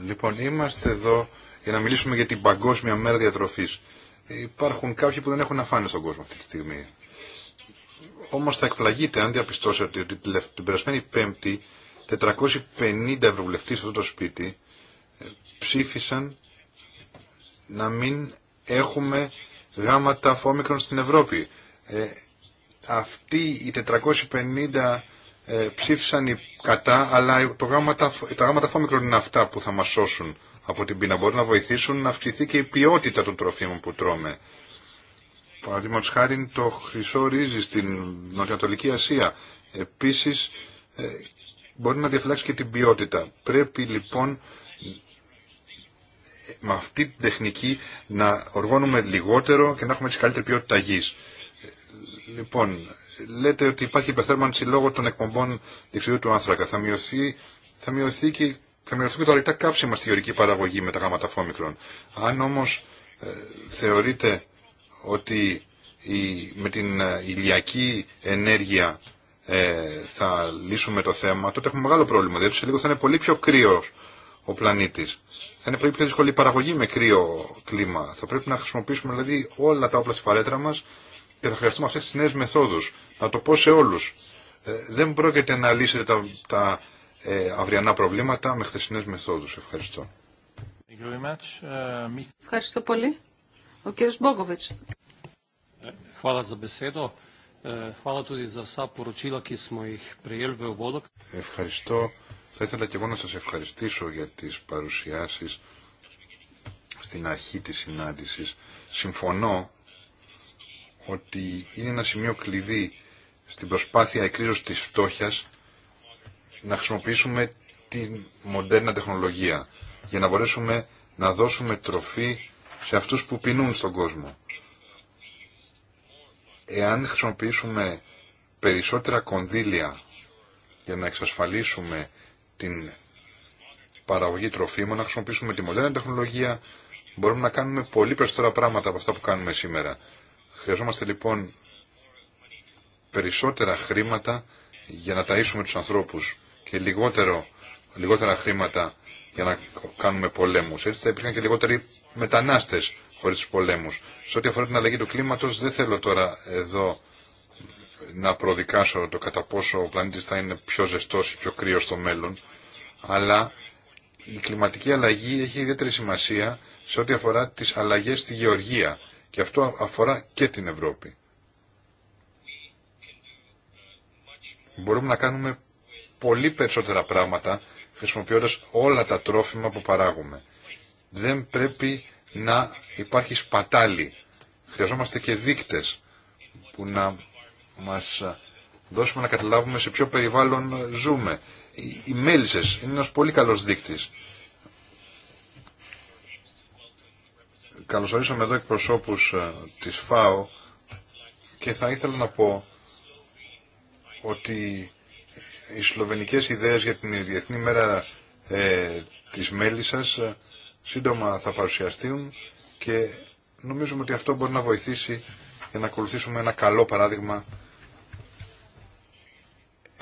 Λοιπόν, είμαστε εδώ για να μιλήσουμε για την Παγκόσμια Μέρα Διατροφής. Υπάρχουν κάποιοι που δεν έχουν να στον κόσμο αυτή τη στιγμή. Όμως θα εκπλαγείτε αν διαπιστώσετε ότι την περασμένη Πέμπτη 450 ευρωβουλευτές σε αυτό το σπίτι ε, ψήφισαν να μην έχουμε γάματα φόμικρων στην Ευρώπη. Ε, αυτοί οι 450 ε, ψήφισαν οι κατά, αλλά το τα γάματα φόμικρον είναι αυτά που θα μας σώσουν από την πείνα. Μπορεί να βοηθήσουν να αυξηθεί και η ποιότητα των τροφίμων που τρώμε. Παραδείγματο χάρη το χρυσό ρύζι στην Νοτιοανατολική Ασία. Επίσης ε, μπορεί να διαφυλάξει και την ποιότητα. Πρέπει λοιπόν με αυτή την τεχνική να οργώνουμε λιγότερο και να έχουμε έτσι καλύτερη ποιότητα γης. Ε, λοιπόν, λέτε ότι υπάρχει υπεθέρμανση λόγω των εκπομπών διεξιδίου του άνθρακα. Θα μειωθεί, θα μειωθεί και θα μειωθούν και τα ρητά καύσιμα στη γεωρική παραγωγή με τα γάματα φόμικρον. Αν όμως ε, θεωρείτε ότι η, με την ε, ηλιακή ενέργεια ε, θα λύσουμε το θέμα, τότε έχουμε μεγάλο πρόβλημα, διότι σε λίγο θα είναι πολύ πιο κρύος ο πλανήτης. Θα είναι πολύ πιο δύσκολη η παραγωγή με κρύο κλίμα. Θα πρέπει να χρησιμοποιήσουμε δηλαδή όλα τα όπλα στη φαρέτρα μα και θα χρειαστούμε αυτέ τι νέε μεθόδου να το πω σε όλους. Ε, δεν πρόκειται να λύσετε τα, τα ε, αυριανά προβλήματα με χθεσινές μεθόδους. Ευχαριστώ. Ε, Ευχαριστώ πολύ. Ο κύριος Μπόγκοβιτς. Ευχαριστώ. Θα ήθελα και εγώ να σας ευχαριστήσω για τις παρουσιάσεις στην αρχή της συνάντησης. Συμφωνώ ότι είναι ένα σημείο κλειδί στην προσπάθεια εκκλήρωσης της φτώχειας να χρησιμοποιήσουμε τη μοντέρνα τεχνολογία για να μπορέσουμε να δώσουμε τροφή σε αυτούς που πεινούν στον κόσμο. Εάν χρησιμοποιήσουμε περισσότερα κονδύλια για να εξασφαλίσουμε την παραγωγή τροφίμων, να χρησιμοποιήσουμε τη μοντέρνα τεχνολογία, μπορούμε να κάνουμε πολύ περισσότερα πράγματα από αυτά που κάνουμε σήμερα. Χρειαζόμαστε λοιπόν περισσότερα χρήματα για να ταΐσουμε τους ανθρώπους και λιγότερο, λιγότερα χρήματα για να κάνουμε πολέμους. Έτσι θα υπήρχαν και λιγότεροι μετανάστες χωρίς τους πολέμους. Σε ό,τι αφορά την αλλαγή του κλίματος δεν θέλω τώρα εδώ να προδικάσω το κατά πόσο ο πλανήτης θα είναι πιο ζεστός ή πιο κρύος στο μέλλον, αλλά η κλιματική αλλαγή έχει ιδιαίτερη σημασία σε ό,τι αφορά τις αλλαγές στη γεωργία και αυτό αφορά και την Ευρώπη. μπορούμε να κάνουμε πολύ περισσότερα πράγματα χρησιμοποιώντας όλα τα τρόφιμα που παράγουμε. Δεν πρέπει να υπάρχει σπατάλη. Χρειαζόμαστε και δείκτες που να μας δώσουμε να καταλάβουμε σε ποιο περιβάλλον ζούμε. Οι μέλισσες είναι ένας πολύ καλός δείκτης. Καλωσορίσαμε εδώ εκπροσώπους ε, της ΦΑΟ και θα ήθελα να πω ότι οι σλοβενικές ιδέες για την Διεθνή Μέρα ε, της Μέλισσας ε, σύντομα θα παρουσιαστούν και νομίζουμε ότι αυτό μπορεί να βοηθήσει για να ακολουθήσουμε ένα καλό παράδειγμα.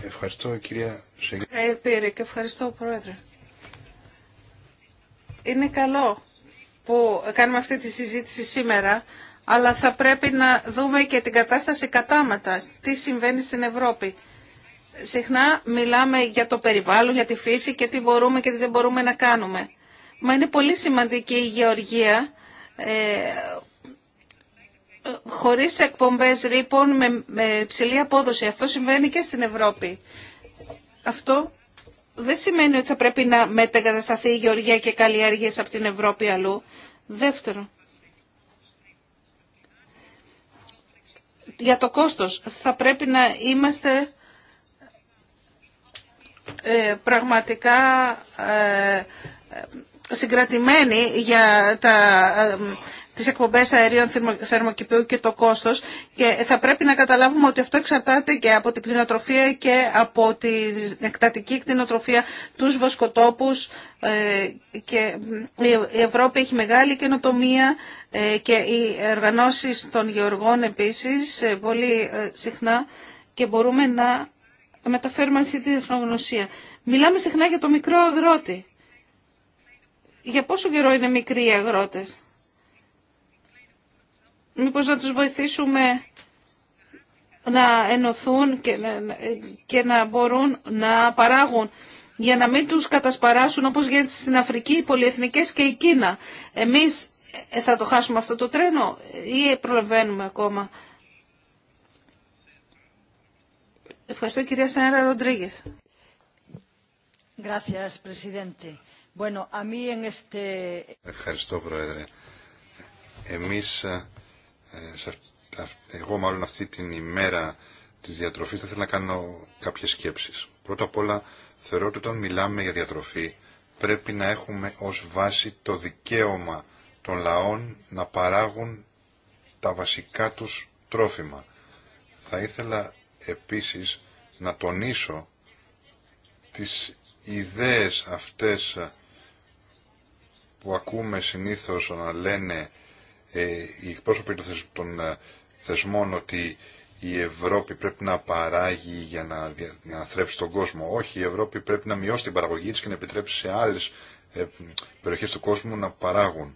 Ευχαριστώ κυρία Ε, και ευχαριστώ πρόεδρε. Είναι καλό που κάνουμε αυτή τη συζήτηση σήμερα αλλά θα πρέπει να δούμε και την κατάσταση κατάματα, τι συμβαίνει στην Ευρώπη. Συχνά μιλάμε για το περιβάλλον, για τη φύση και τι μπορούμε και τι δεν μπορούμε να κάνουμε. Μα είναι πολύ σημαντική η γεωργία, ε, χωρίς εκπομπές ρήπων με, με ψηλή απόδοση. Αυτό συμβαίνει και στην Ευρώπη. Αυτό δεν σημαίνει ότι θα πρέπει να μετεγκατασταθεί η γεωργία και καλλιέργειες από την Ευρώπη αλλού. Δεύτερο, για το κόστος. Θα πρέπει να είμαστε ε, πραγματικά ε, συγκρατημένοι για τα ε, τις εκπομπές αερίων θερμοκηπίου και το κόστος και θα πρέπει να καταλάβουμε ότι αυτό εξαρτάται και από την κτηνοτροφία και από την εκτατική κτηνοτροφία, τους βοσκοτόπους ε, και η Ευρώπη έχει μεγάλη καινοτομία ε, και οι οργανώσεις των γεωργών επίσης ε, πολύ συχνά και μπορούμε να μεταφέρουμε αυτή την τεχνογνωσία. Μιλάμε συχνά για το μικρό αγρότη. Για πόσο καιρό είναι μικροί οι αγρότες μήπως να τους βοηθήσουμε να ενωθούν και να, μπορούν να παράγουν για να μην τους κατασπαράσουν όπως γίνεται στην Αφρική οι πολυεθνικές και η Κίνα. Εμείς ε, θα το χάσουμε αυτό το τρένο ή προλαβαίνουμε ακόμα. Ευχαριστώ κυρία Σανέρα Ροντρίγκεθ. Ευχαριστώ πρόεδρε. Εμείς ε, ε, εγώ μάλλον αυτή την ημέρα της διατροφής θα ήθελα να κάνω κάποιες σκέψεις. Πρώτα απ' όλα θεωρώ ότι όταν μιλάμε για διατροφή πρέπει να έχουμε ως βάση το δικαίωμα των λαών να παράγουν τα βασικά τους τρόφιμα. Θα ήθελα επίσης να τονίσω τις ιδέες αυτές που ακούμε συνήθως να λένε ε, οι εκπρόσωποι των ε, θεσμών ότι η Ευρώπη πρέπει να παράγει για να, να θρέψει τον κόσμο. Όχι, η Ευρώπη πρέπει να μειώσει την παραγωγή της και να επιτρέψει σε άλλες ε, περιοχές του κόσμου να παράγουν.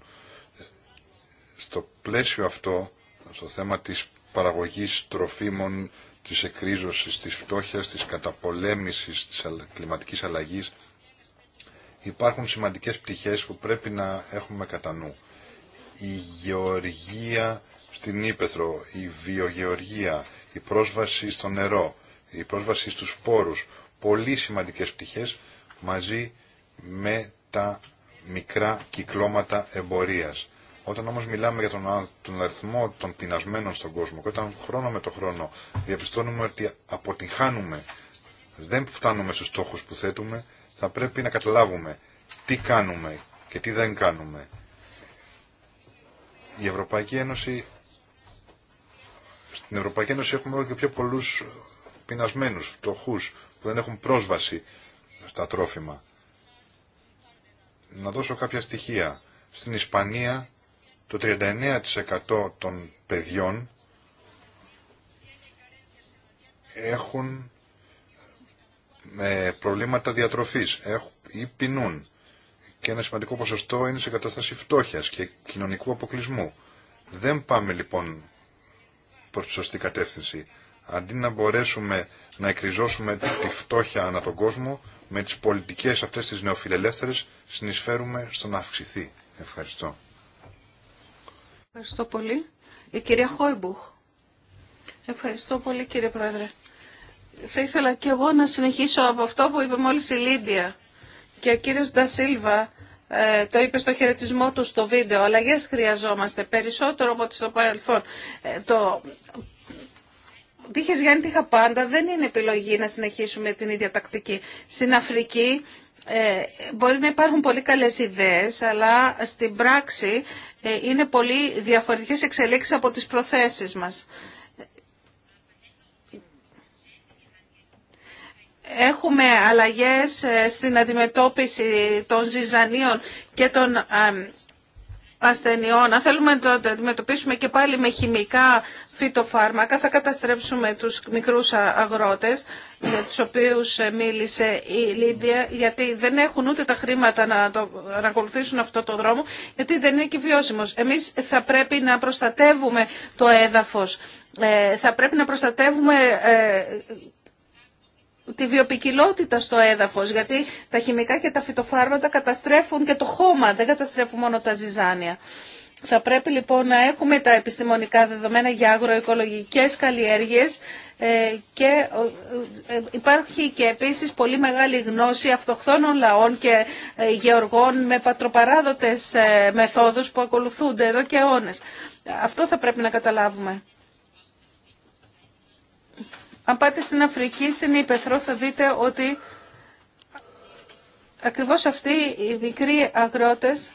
Στο πλαίσιο αυτό, στο θέμα της παραγωγής τροφίμων, της εκρίζωσης, της φτώχειας, της καταπολέμησης, της κλιματικής αλλαγής, υπάρχουν σημαντικές πτυχές που πρέπει να έχουμε κατά νου η γεωργία στην Ήπεθρο, η βιογεωργία, η πρόσβαση στο νερό, η πρόσβαση στους σπόρους, πολύ σημαντικές πτυχές μαζί με τα μικρά κυκλώματα εμπορίας. Όταν όμως μιλάμε για τον, τον αριθμό των πεινασμένων στον κόσμο και όταν χρόνο με το χρόνο διαπιστώνουμε ότι αποτυχάνουμε, δεν φτάνουμε στους στόχους που θέτουμε, θα πρέπει να καταλάβουμε τι κάνουμε και τι δεν κάνουμε. Η Ευρωπαϊκή Ένωση, στην Ευρωπαϊκή Ένωση έχουμε όλο και πιο πολλούς πεινασμένους, φτωχούς, που δεν έχουν πρόσβαση στα τρόφιμα. Να δώσω κάποια στοιχεία. Στην Ισπανία το 39% των παιδιών έχουν ε, προβλήματα διατροφής ή πεινούν και ένα σημαντικό ποσοστό είναι σε κατάσταση φτώχειας και κοινωνικού αποκλεισμού. Δεν πάμε λοιπόν προς τη σωστή κατεύθυνση. Αντί να μπορέσουμε να εκριζώσουμε τη φτώχεια ανά τον κόσμο, με τις πολιτικές αυτές τις νεοφιλελεύθερες συνεισφέρουμε στο να αυξηθεί. Ευχαριστώ. Ευχαριστώ πολύ. Η κυρία Χόιμπουχ. Ευχαριστώ πολύ κύριε Πρόεδρε. Θα ήθελα και εγώ να συνεχίσω από αυτό που είπε μόλις η Λίντια και ο κύριος Ντασίλβα ε, το είπε στο χαιρετισμό του στο βίντεο, αλλαγέ χρειαζόμαστε περισσότερο από στο παρελθόν. Ε, το τύχες Γιάννη τύχα πάντα δεν είναι επιλογή να συνεχίσουμε την ίδια τακτική. Στην Αφρική ε, μπορεί να υπάρχουν πολύ καλές ιδέες, αλλά στην πράξη ε, είναι πολύ διαφορετικές εξελίξεις από τις προθέσεις μας. Έχουμε αλλαγές ε, στην αντιμετώπιση των ζυζανίων και των ασθενειών. Αν θέλουμε να το αντιμετωπίσουμε και πάλι με χημικά φυτοφάρμακα, θα καταστρέψουμε τους μικρούς αγρότες, για τους οποίους ε, μίλησε η Λίδια, γιατί δεν έχουν ούτε τα χρήματα να, το, να ακολουθήσουν αυτό το δρόμο, γιατί δεν είναι και βιώσιμος. Εμείς θα πρέπει να προστατεύουμε το έδαφος. Ε, θα πρέπει να προστατεύουμε τη βιοπικιλότητα στο έδαφος, γιατί τα χημικά και τα φυτοφάρματα καταστρέφουν και το χώμα, δεν καταστρέφουν μόνο τα ζυζάνια. Θα πρέπει λοιπόν να έχουμε τα επιστημονικά δεδομένα για αγροοικολογικές καλλιέργειες ε, και ε, ε, υπάρχει και επίσης πολύ μεγάλη γνώση αυτοχθόνων λαών και γεωργών με πατροπαράδοτες μεθόδους που ακολουθούνται εδώ και αιώνες. Αυτό θα πρέπει να καταλάβουμε. Αν πάτε στην Αφρική, στην Υπεθρό, θα δείτε ότι ακριβώς αυτοί οι μικροί αγρότες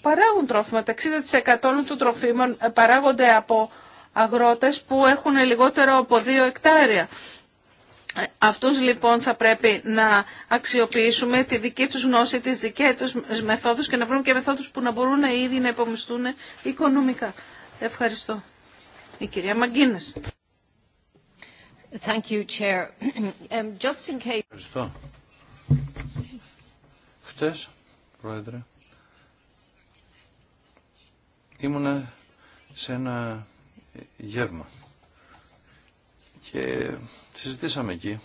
παράγουν τρόφιμα. Τα 60% των τροφίμων παράγονται από αγρότες που έχουν λιγότερο από 2 εκτάρια. Αυτούς λοιπόν θα πρέπει να αξιοποιήσουμε τη δική τους γνώση, τις δικές τους μεθόδους και να βρούμε και μεθόδους που να μπορούν ήδη να υπομισθούν οικονομικά. Ευχαριστώ. Η κυρία um, Ευχαριστώ. Χτες, Πρόεδρε, ήμουνα σε ένα γεύμα και συζητήσαμε εκεί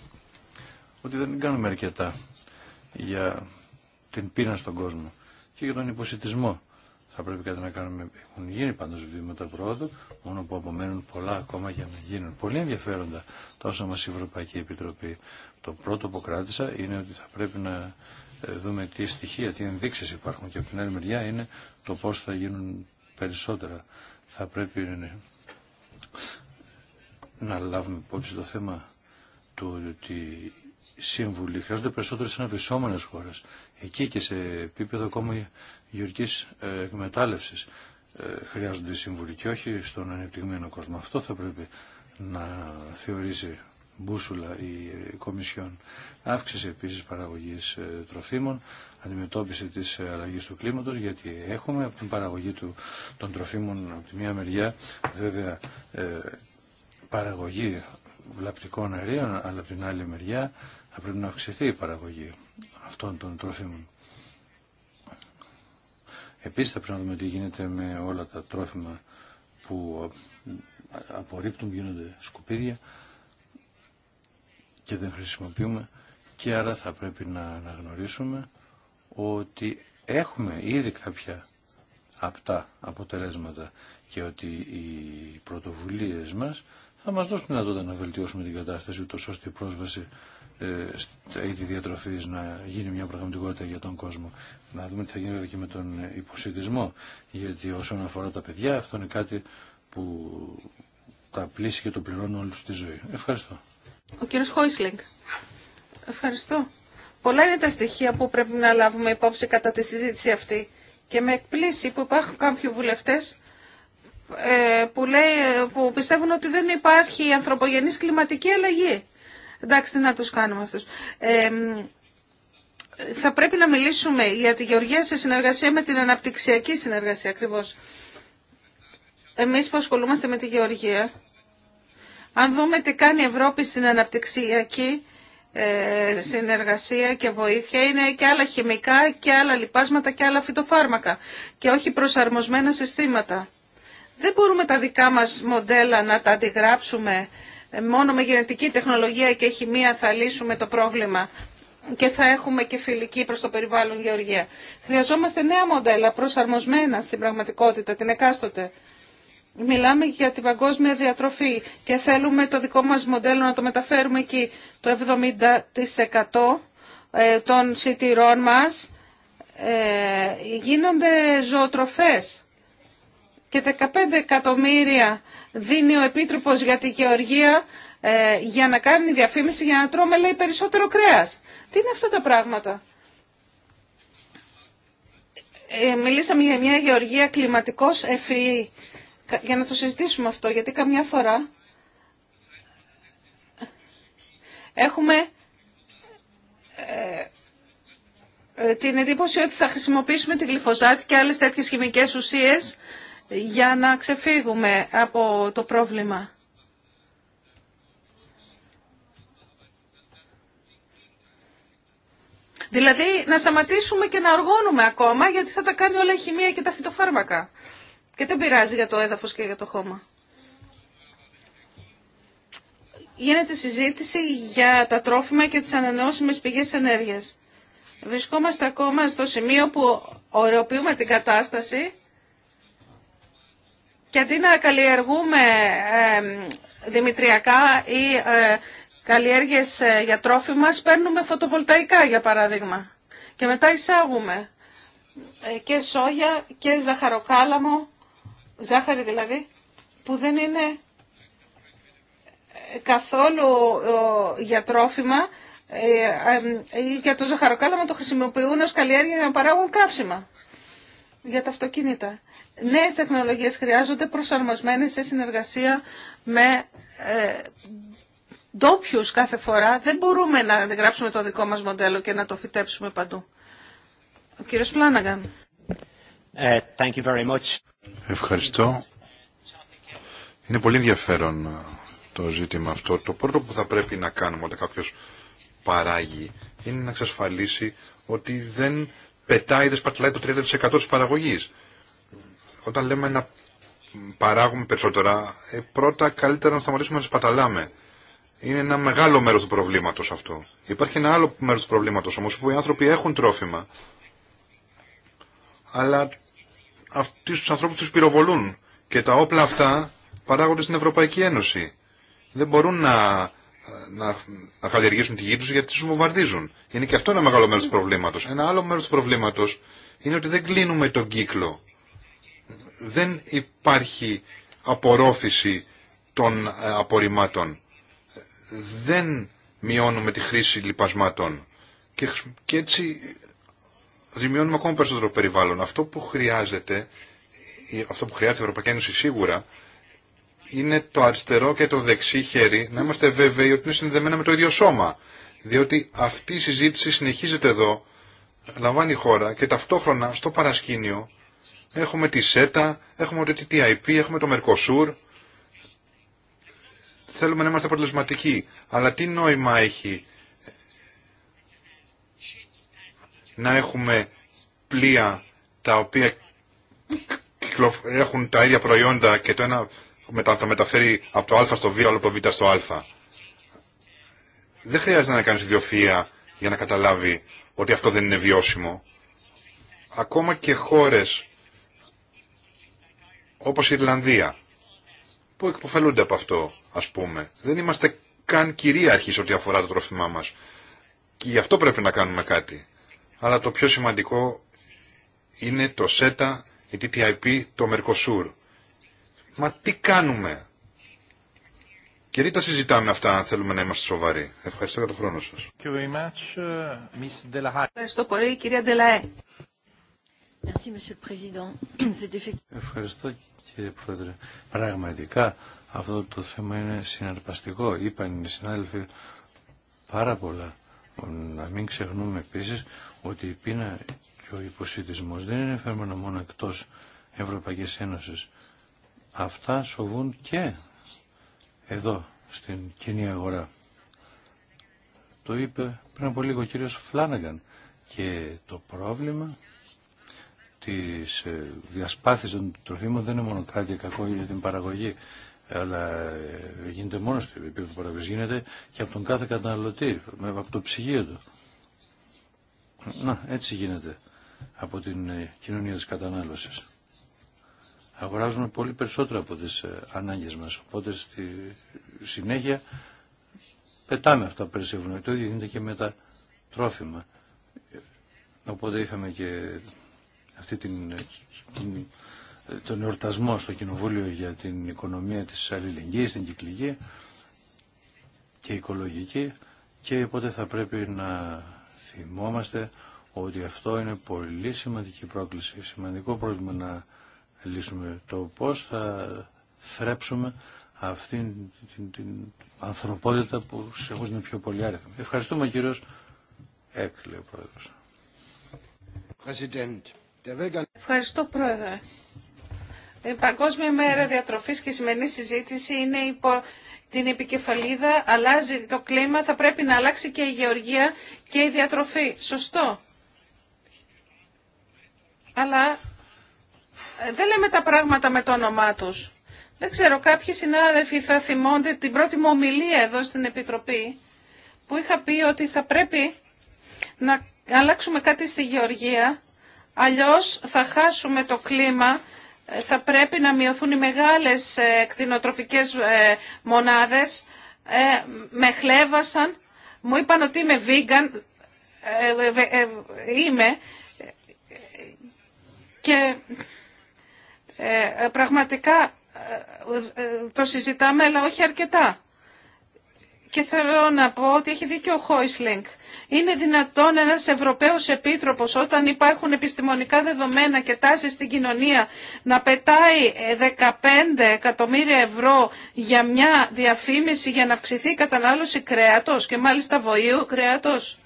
ότι δεν κάνουμε αρκετά για την πείνα στον κόσμο και για τον υποσυτισμό θα πρέπει κάτι να κάνουμε. Έχουν γίνει πάντω βήματα πρόοδου, μόνο που απομένουν πολλά ακόμα για να γίνουν. Πολύ ενδιαφέροντα τόσο όσα μα η Ευρωπαϊκή Επιτροπή. Το πρώτο που κράτησα είναι ότι θα πρέπει να ε, δούμε τι στοιχεία, τι ενδείξει υπάρχουν και από την άλλη μεριά είναι το πώ θα γίνουν περισσότερα. Θα πρέπει ε, ναι, να λάβουμε υπόψη το θέμα του ότι σύμβουλοι χρειάζονται περισσότερε αναπτυσσόμενε χώρε εκεί και σε επίπεδο ακόμα γεωργικής ε, εκμετάλλευσης ε, χρειάζονται συμβουλή και όχι στον ανεπτυγμένο κόσμο. Αυτό θα πρέπει να θεωρήσει μπούσουλα η ε, Κομισιόν. Αύξηση επίσης παραγωγής τροφίμων, αντιμετώπιση της αλλαγής του κλίματος, γιατί έχουμε από την παραγωγή του, των τροφίμων από τη μία μεριά βέβαια παραγωγή βλαπτικών αερίων, αλλά από την άλλη μεριά θα πρέπει να αυξηθεί η παραγωγή αυτών των τροφίμων. Επίσης θα πρέπει να δούμε τι γίνεται με όλα τα τρόφιμα που απορρίπτουν, γίνονται σκουπίδια και δεν χρησιμοποιούμε και άρα θα πρέπει να αναγνωρίσουμε ότι έχουμε ήδη κάποια απτά αποτελέσματα και ότι οι πρωτοβουλίες μας θα μας δώσουν δυνατότητα να βελτιώσουμε την κατάσταση ούτως ώστε η πρόσβαση ε, στα είδη διατροφή να γίνει μια πραγματικότητα για τον κόσμο. Να δούμε τι θα γίνει και με τον υποσυντισμό. γιατί όσον αφορά τα παιδιά αυτό είναι κάτι που τα πλήσει και το πληρώνουν όλου στη ζωή. Ευχαριστώ. Ο κύριο Χόισλεγκ. Ευχαριστώ. Πολλά είναι τα στοιχεία που πρέπει να λάβουμε υπόψη κατά τη συζήτηση αυτή και με εκπλήσει που υπάρχουν κάποιοι βουλευτέ ε, που, που πιστεύουν ότι δεν υπάρχει ανθρωπογενής κλιματική αλλαγή. Εντάξει, τι να τους κάνουμε αυτούς. Ε, θα πρέπει να μιλήσουμε για τη γεωργία σε συνεργασία με την αναπτυξιακή συνεργασία ακριβώς. Εμείς που ασχολούμαστε με τη γεωργία, αν δούμε τι κάνει η Ευρώπη στην αναπτυξιακή ε, συνεργασία και βοήθεια είναι και άλλα χημικά και άλλα λιπάσματα και άλλα φυτοφάρμακα και όχι προσαρμοσμένα συστήματα. Δεν μπορούμε τα δικά μας μοντέλα να τα αντιγράψουμε μόνο με γενετική τεχνολογία και χημεία θα λύσουμε το πρόβλημα και θα έχουμε και φιλική προς το περιβάλλον γεωργία. Χρειαζόμαστε νέα μοντέλα προσαρμοσμένα στην πραγματικότητα, την εκάστοτε. Μιλάμε για την παγκόσμια διατροφή και θέλουμε το δικό μας μοντέλο να το μεταφέρουμε εκεί. Το 70% ε, των σιτηρών μας ε, γίνονται ζωοτροφές και 15 εκατομμύρια δίνει ο Επίτροπος για τη Γεωργία ε, για να κάνει διαφήμιση για να τρώμε λέει περισσότερο κρέας. Τι είναι αυτά τα πράγματα. Ε, μιλήσαμε για μια Γεωργία κλιματικός ευφυή για να το συζητήσουμε αυτό γιατί καμιά φορά έχουμε ε, ε την εντύπωση ότι θα χρησιμοποιήσουμε τη γλυφοζάτη και άλλες τέτοιες χημικές ουσίες για να ξεφύγουμε από το πρόβλημα. Δηλαδή να σταματήσουμε και να οργώνουμε ακόμα γιατί θα τα κάνει όλα η χημεία και τα φυτοφάρμακα. Και δεν πειράζει για το έδαφος και για το χώμα. Γίνεται συζήτηση για τα τρόφιμα και τις ανανεώσιμες πηγές ενέργειας. Βρισκόμαστε ακόμα στο σημείο που ωρεοποιούμε την κατάσταση και αντί να καλλιεργούμε δημητριακά ή ε, καλλιέργειες ε, για τρόφιμα, παίρνουμε φωτοβολταϊκά για παράδειγμα. Και μετά εισάγουμε ε, και σόγια και ζαχαροκάλαμο, ζάχαρη δηλαδή, που δεν είναι καθόλου για τρόφιμα ή για το ζαχαροκάλαμο το χρησιμοποιούν ως καλλιέργεια για να παράγουν καύσιμα για τα αυτοκίνητα νέες τεχνολογίες χρειάζονται προσαρμοσμένες σε συνεργασία με ε, ντόπιου κάθε φορά. Δεν μπορούμε να γράψουμε το δικό μας μοντέλο και να το φυτέψουμε παντού. Ο κύριος Φλάνναγκαν. Ε, Ευχαριστώ. Είναι πολύ ενδιαφέρον ε, το ζήτημα αυτό. Το πρώτο που θα πρέπει να κάνουμε όταν κάποιος παράγει είναι να εξασφαλίσει ότι δεν πετάει, δεν το 30% της παραγωγής όταν λέμε να παράγουμε περισσότερα, ε, πρώτα καλύτερα να σταματήσουμε να σπαταλάμε. Είναι ένα μεγάλο μέρο του προβλήματο αυτό. Υπάρχει ένα άλλο μέρο του προβλήματο όμω που οι άνθρωποι έχουν τρόφιμα, αλλά αυτοί του ανθρώπου του πυροβολούν. Και τα όπλα αυτά παράγονται στην Ευρωπαϊκή Ένωση. Δεν μπορούν να, να, να καλλιεργήσουν τη γη του γιατί του βομβαρδίζουν. Είναι και αυτό ένα μεγάλο μέρο του προβλήματο. Ένα άλλο μέρο του προβλήματο είναι ότι δεν κλείνουμε τον κύκλο δεν υπάρχει απορρόφηση των ε, απορριμμάτων. Δεν μειώνουμε τη χρήση λιπασμάτων. Και, έτσι ζημιώνουμε ακόμα περισσότερο περιβάλλον. Αυτό που χρειάζεται, αυτό που χρειάζεται η Ευρωπαϊκή Ένωση σίγουρα, είναι το αριστερό και το δεξί χέρι να είμαστε βέβαιοι ότι είναι συνδεμένα με το ίδιο σώμα. Διότι αυτή η συζήτηση συνεχίζεται εδώ, λαμβάνει η χώρα και ταυτόχρονα στο παρασκήνιο Έχουμε τη ΣΕΤΑ, έχουμε το TTIP, έχουμε το Μερκοσούρ. Θέλουμε να είμαστε αποτελεσματικοί. Αλλά τι νόημα έχει να έχουμε πλοία τα οποία έχουν τα ίδια προϊόντα και το ένα μετα, το μεταφέρει από το α στο β, άλλο από το β στο α. Δεν χρειάζεται να κάνεις ιδιοφυΐα για να καταλάβει ότι αυτό δεν είναι βιώσιμο. Ακόμα και χώρες όπως η Ιρλανδία, που εκποφελούνται από αυτό, ας πούμε. Δεν είμαστε καν κυρίαρχοι σε ό,τι αφορά το τρόφιμά μας. Και γι' αυτό πρέπει να κάνουμε κάτι. Αλλά το πιο σημαντικό είναι το ΣΕΤΑ, η TTIP, το Μερκοσούρ. Μα τι κάνουμε. Και τι τα συζητάμε αυτά αν θέλουμε να είμαστε σοβαροί. Ευχαριστώ για τον χρόνο σας. Uh, Ευχαριστώ πολύ κυρία Ντελαέ. Ευχαριστώ κύριε Πρόεδρε. Πραγματικά αυτό το θέμα είναι συναρπαστικό. Είπαν οι συνάδελφοι πάρα πολλά. Να μην ξεχνούμε επίση ότι η πείνα και ο υποσυτισμός δεν είναι φαινόμενο μόνο εκτό Ευρωπαϊκής Ένωσης. Αυτά σοβούν και εδώ στην κοινή αγορά. Το είπε πριν από λίγο ο κύριος Φλάνεγκαν και το πρόβλημα τις ε, διασπάθηση των τροφίμων δεν είναι μόνο κάτι κακό για την παραγωγή, αλλά ε, γίνεται μόνο στην επίπεδο του παραγωγής, γίνεται και από τον κάθε καταναλωτή, από το ψυγείο του. Να, έτσι γίνεται από την ε, κοινωνία της κατανάλωσης. Αγοράζουμε πολύ περισσότερο από τις ανάγκες μας, οπότε στη συνέχεια πετάμε αυτά που περισσεύουν. Το ίδιο γίνεται και με τα τρόφιμα. Οπότε είχαμε και αυτή την, ε, τον εορτασμό στο Κοινοβούλιο για την οικονομία της αλληλεγγύης, την κυκλική και οικολογική και οπότε θα πρέπει να θυμόμαστε ότι αυτό είναι πολύ σημαντική πρόκληση, σημαντικό πρόβλημα να λύσουμε το πώς θα θρέψουμε αυτή την, ανθρωπότητα που να είναι πιο πολύ άρεθμη. Ευχαριστούμε κύριος Έκλε, πρόεδρος. Ευχαριστώ Πρόεδρε. Η Παγκόσμια Μέρα Διατροφής και η σημερινή συζήτηση είναι υπό την επικεφαλίδα «Αλλάζει το κλίμα, θα πρέπει να αλλάξει και η γεωργία και η διατροφή». Σωστό. Αλλά ε, δεν λέμε τα πράγματα με το όνομά τους. Δεν ξέρω, κάποιοι συνάδελφοι θα θυμώνται την πρώτη μου ομιλία εδώ στην Επιτροπή που είχα πει ότι θα πρέπει να αλλάξουμε κάτι στη γεωργία Αλλιώς θα χάσουμε το κλίμα, θα πρέπει να μειωθούν οι μεγάλες ε, κτηνοτροφικές ε, μονάδες. Ε, με χλέβασαν, μου είπαν ότι είμαι βίγκαν είμαι και πραγματικά το συζητάμε αλλά όχι αρκετά. Και θέλω να πω ότι έχει δίκιο ο Χόισλινγκ. Είναι δυνατόν ένας Ευρωπαίος Επίτροπος όταν υπάρχουν επιστημονικά δεδομένα και τάσεις στην κοινωνία να πετάει 15 ε, εκατομμύρια ευρώ για μια διαφήμιση για να αυξηθεί η κατανάλωση κρέατος και μάλιστα βοήου κρέατος.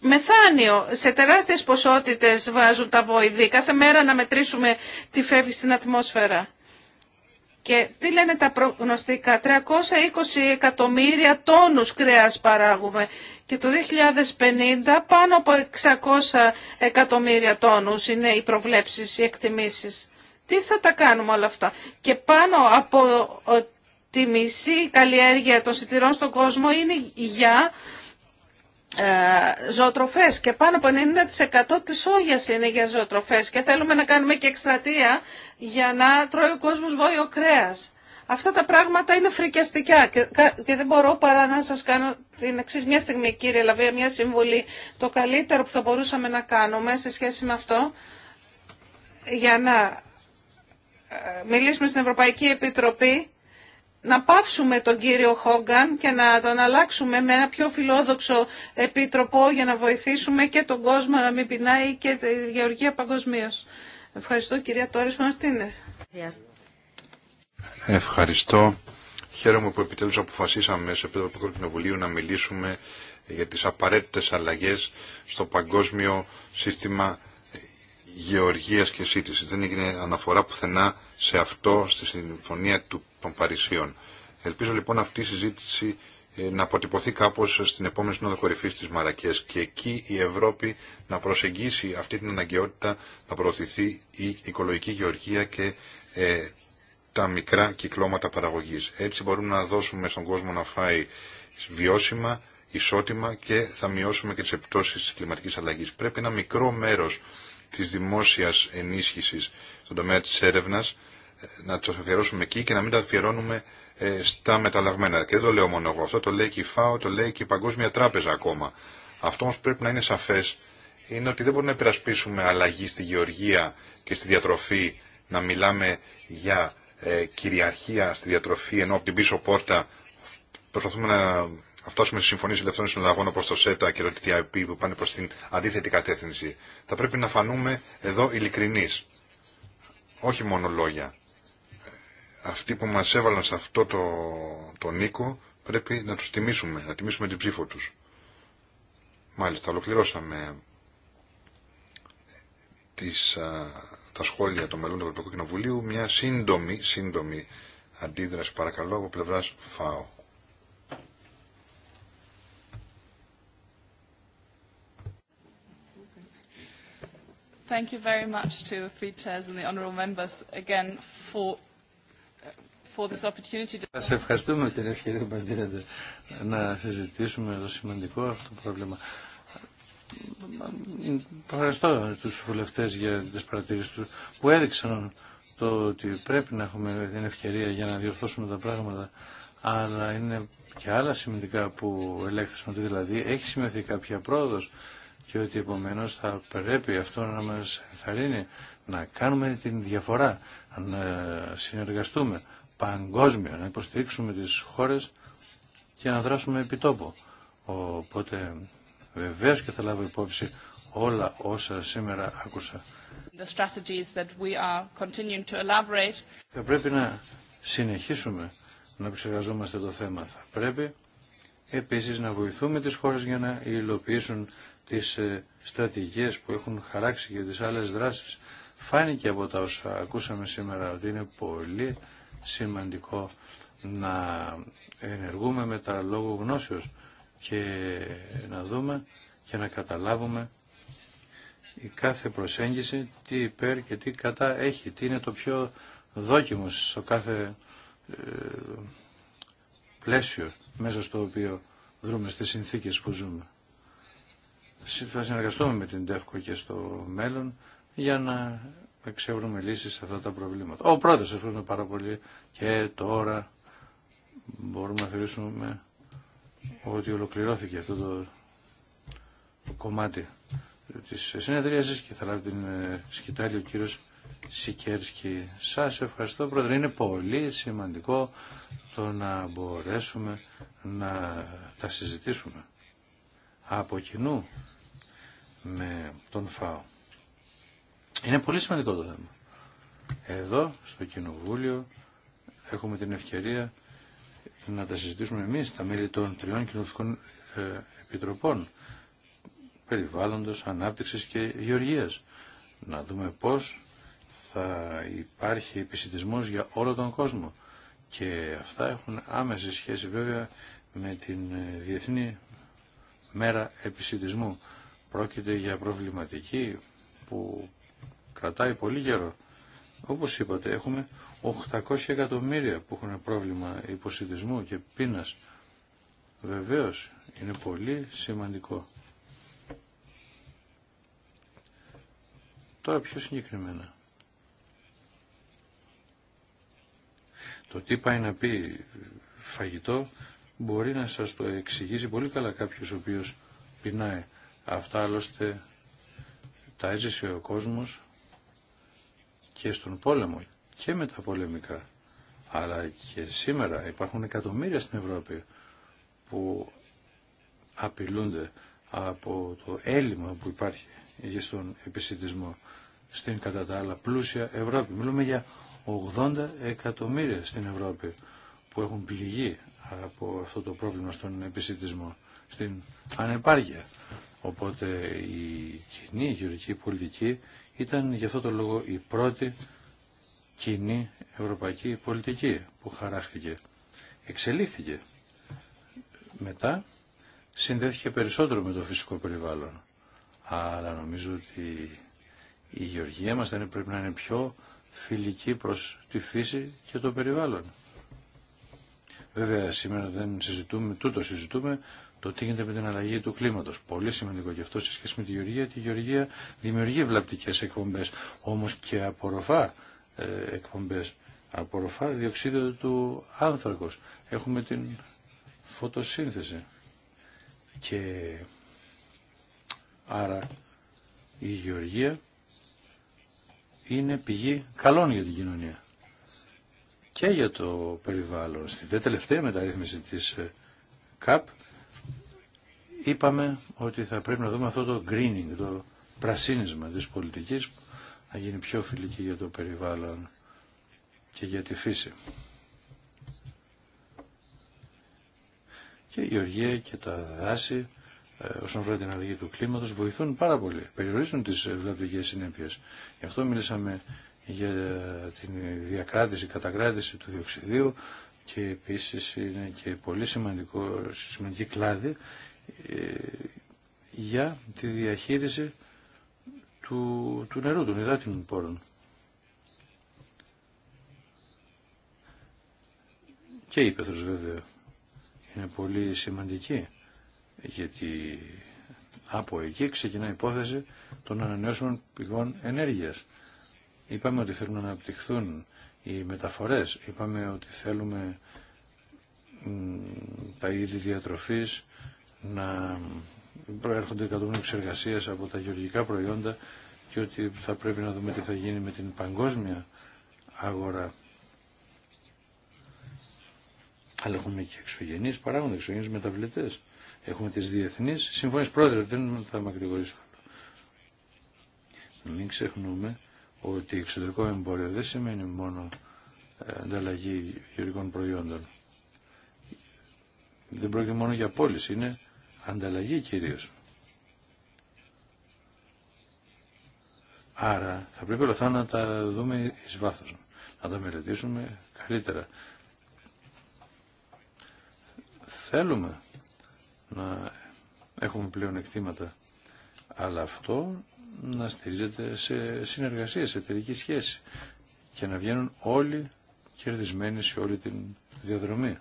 Μεθάνιο, σε τεράστιες ποσότητες βάζουν τα βοηδή. Κάθε μέρα να μετρήσουμε τι φεύγει στην ατμόσφαιρα. Και τι λένε τα προγνωστικά, 320 εκατομμύρια τόνους κρέας παράγουμε και το 2050 πάνω από 600 εκατομμύρια τόνους είναι οι προβλέψεις, οι εκτιμήσεις. Τι θα τα κάνουμε όλα αυτά. Και πάνω από τη μισή καλλιέργεια των σιτηρών στον κόσμο είναι για ε, ζωοτροφές και πάνω από 90% της όγιας είναι για ζωοτροφές και θέλουμε να κάνουμε και εκστρατεία για να τρώει ο κόσμος βόλιο κρέας. Αυτά τα πράγματα είναι φρικιαστικά και δεν μπορώ παρά να σας κάνω την εξής μια στιγμή κύριε Λαβία, μια συμβουλή. Το καλύτερο που θα μπορούσαμε να κάνουμε σε σχέση με αυτό για να ε, μιλήσουμε στην Ευρωπαϊκή Επιτροπή να πάψουμε τον κύριο Χόγκαν και να τον αλλάξουμε με ένα πιο φιλόδοξο επίτροπο για να βοηθήσουμε και τον κόσμο να μην πεινάει και τη γεωργία παγκοσμίω. Ευχαριστώ κυρία Τόρης Μαρτίνες. Ευχαριστώ. Χαίρομαι που επιτέλους αποφασίσαμε σε επίπεδο του Κοινοβουλίου να μιλήσουμε για τις απαραίτητες αλλαγές στο παγκόσμιο σύστημα γεωργίας και σύντησης. Δεν έγινε αναφορά πουθενά σε αυτό στη συμφωνία του των Παρισίων. Ελπίζω λοιπόν αυτή η συζήτηση ε, να αποτυπωθεί κάπως στην επόμενη σύνοδο κορυφής της Μαρακές και εκεί η Ευρώπη να προσεγγίσει αυτή την αναγκαιότητα να προωθηθεί η οικολογική γεωργία και ε, τα μικρά κυκλώματα παραγωγής. Έτσι μπορούμε να δώσουμε στον κόσμο να φάει βιώσιμα, ισότιμα και θα μειώσουμε και τις επιπτώσεις της κλιματικής αλλαγής. Πρέπει ένα μικρό μέρος της δημόσιας ενίσχυσης στον τομέα της έρευνας να του αφιερώσουμε εκεί και να μην τα αφιερώνουμε ε, στα μεταλλαγμένα. Και δεν το λέω μόνο εγώ αυτό, το λέει και η ΦΑΟ, το λέει και η Παγκόσμια Τράπεζα ακόμα. Αυτό όμω πρέπει να είναι σαφέ είναι ότι δεν μπορούμε να υπερασπίσουμε αλλαγή στη γεωργία και στη διατροφή, να μιλάμε για ε, κυριαρχία στη διατροφή, ενώ από την πίσω πόρτα προσπαθούμε να φτάσουμε σε συμφωνίε ελευθερών συναλλαγών όπω το ΣΕΤΑ και το TTIP που πάνε προ την αντίθετη κατεύθυνση. Θα πρέπει να φανούμε εδώ ειλικρινεί. Όχι μόνο λόγια αυτοί που μας έβαλαν σε αυτό το, το νίκο πρέπει να τους τιμήσουμε, να τιμήσουμε την ψήφο τους. Μάλιστα, ολοκληρώσαμε τις, τα σχόλια των μελών του Ευρωπαϊκού Κοινοβουλίου. Μια σύντομη, σύντομη αντίδραση παρακαλώ από πλευράς ΦΑΟ. Thank you very much to the three chairs and the members again for for this opportunity. Σας ευχαριστούμε την ευκαιρία που μας δίνετε να συζητήσουμε το σημαντικό αυτό πρόβλημα. Ευχαριστώ τους βουλευτές για τις παρατηρήσεις τους που έδειξαν το ότι πρέπει να έχουμε την ευκαιρία για να διορθώσουμε τα πράγματα αλλά είναι και άλλα σημαντικά που ελέγχθησαν ότι δηλαδή έχει σημειωθεί κάποια πρόοδος και ότι επομένως θα πρέπει αυτό να μας ενθαρρύνει να κάνουμε την διαφορά, να συνεργαστούμε. Παγκόσμιο να υποστηρίξουμε τις χώρες και να δράσουμε επί τόπο. Οπότε βεβαίω και θα λάβω υπόψη όλα όσα σήμερα άκουσα. Θα πρέπει να συνεχίσουμε να επεξεργαζόμαστε το θέμα. Θα πρέπει επίσης να βοηθούμε τις χώρες για να υλοποιήσουν τις ε, στρατηγίες που έχουν χαράξει και τις άλλες δράσεις. Φάνηκε από τα όσα ακούσαμε σήμερα ότι είναι πολύ σημαντικό να ενεργούμε με τα λόγου γνώσεως και να δούμε και να καταλάβουμε η κάθε προσέγγιση τι υπέρ και τι κατά έχει, τι είναι το πιο δόκιμο στο κάθε ε, πλαίσιο μέσα στο οποίο βρούμε στις συνθήκες που ζούμε. Θα συνεργαστούμε με την ΤΕΦΚΟ και στο μέλλον για να εξευρούμε λύσεις σε αυτά τα προβλήματα. Ο πρώτος ευχαριστούμε πάρα πολύ και τώρα μπορούμε να θεωρήσουμε ότι ολοκληρώθηκε αυτό το, το κομμάτι της συνεδρίασης και θα λάβει την ε, σκητάλη ο κύριος Σικέρσκι. Σας ευχαριστώ πρόεδρε. Είναι πολύ σημαντικό το να μπορέσουμε να τα συζητήσουμε από κοινού με τον ΦΑΟ. Είναι πολύ σημαντικό το θέμα. Εδώ, στο Κοινοβούλιο, έχουμε την ευκαιρία να τα συζητήσουμε εμείς, τα μέλη των τριών κοινοβουλευτικών ε, επιτροπών, περιβάλλοντος, ανάπτυξης και γεωργίας. Να δούμε πώς θα υπάρχει επισυντισμός για όλο τον κόσμο. Και αυτά έχουν άμεση σχέση βέβαια με την ε, Διεθνή Μέρα Επισυντισμού. Πρόκειται για προβληματική που κρατάει πολύ καιρό. Όπως είπατε, έχουμε 800 εκατομμύρια που έχουν πρόβλημα υποσυντισμού και πείνας. Βεβαίως, είναι πολύ σημαντικό. Τώρα πιο συγκεκριμένα. Το τι πάει να πει φαγητό μπορεί να σας το εξηγήσει πολύ καλά κάποιος ο οποίος πεινάει. Αυτά άλλωστε τα έζησε ο κόσμος και στον πόλεμο και με τα πολεμικά. Αλλά και σήμερα υπάρχουν εκατομμύρια στην Ευρώπη που απειλούνται από το έλλειμμα που υπάρχει για στον επισητισμό στην κατά τα άλλα πλούσια Ευρώπη. Μιλούμε για 80 εκατομμύρια στην Ευρώπη που έχουν πληγεί από αυτό το πρόβλημα στον επισητισμό, στην ανεπάρκεια. Οπότε η κοινή γεωργική πολιτική ήταν γι' αυτό το λόγο η πρώτη κοινή ευρωπαϊκή πολιτική που χαράχθηκε. Εξελίχθηκε. Μετά συνδέθηκε περισσότερο με το φυσικό περιβάλλον. Αλλά νομίζω ότι η γεωργία μας δεν πρέπει να είναι πιο φιλική προς τη φύση και το περιβάλλον. Βέβαια σήμερα δεν συζητούμε, τούτο συζητούμε το τι γίνεται με την αλλαγή του κλίματο. Πολύ σημαντικό και αυτό σε σχέση με τη γεωργία. Τη γεωργία δημιουργεί βλαπτικέ εκπομπέ, όμω και απορροφά ε, εκπομπέ. Απορροφά διοξίδιο του άνθρακο. Έχουμε την φωτοσύνθεση. Και άρα η γεωργία είναι πηγή καλών για την κοινωνία και για το περιβάλλον. Στην τελευταία μεταρρύθμιση της ε, ΚΑΠ είπαμε ότι θα πρέπει να δούμε αυτό το greening, το πρασίνισμα της πολιτικής να γίνει πιο φιλική για το περιβάλλον και για τη φύση. Και η οργία και τα δάση ε, όσον αφορά την αλλαγή του κλίματος βοηθούν πάρα πολύ, περιορίζουν τις βλαβικές συνέπειες. Γι' αυτό μιλήσαμε για την διακράτηση, κατακράτηση του διοξιδίου και επίσης είναι και πολύ σημαντικό, σημαντική κλάδη ε, για τη διαχείριση του, του νερού, των υδάτινων πόρων. Και η πέθρος βέβαια είναι πολύ σημαντική γιατί από εκεί ξεκινά η υπόθεση των ανανεώσιμων πηγών ενέργειας. Είπαμε ότι θέλουμε να αναπτυχθούν οι μεταφορές, είπαμε ότι θέλουμε τα είδη διατροφής, να προέρχονται εκατομμύρια εξεργασίας από τα γεωργικά προϊόντα και ότι θα πρέπει να δούμε τι θα γίνει με την παγκόσμια αγορά. Αλλά έχουμε και εξωγενείς παράγοντες, εξωγενείς μεταβλητές. Έχουμε τις διεθνείς συμφωνίες. Πρόεδρε, δεν θα με άλλο. Μην ξεχνούμε ότι εξωτερικό εμπόριο δεν σημαίνει μόνο ε, ανταλλαγή γεωργικών προϊόντων. Δεν πρόκειται μόνο για πόλεις, είναι ανταλλαγή κυρίως. Άρα θα πρέπει όλα αυτά να τα δούμε εις βάθος, να τα μελετήσουμε καλύτερα. Θέλουμε να έχουμε πλέον εκτήματα, αλλά αυτό να στηρίζεται σε συνεργασία, σε εταιρική σχέση και να βγαίνουν όλοι κερδισμένοι σε όλη την διαδρομή.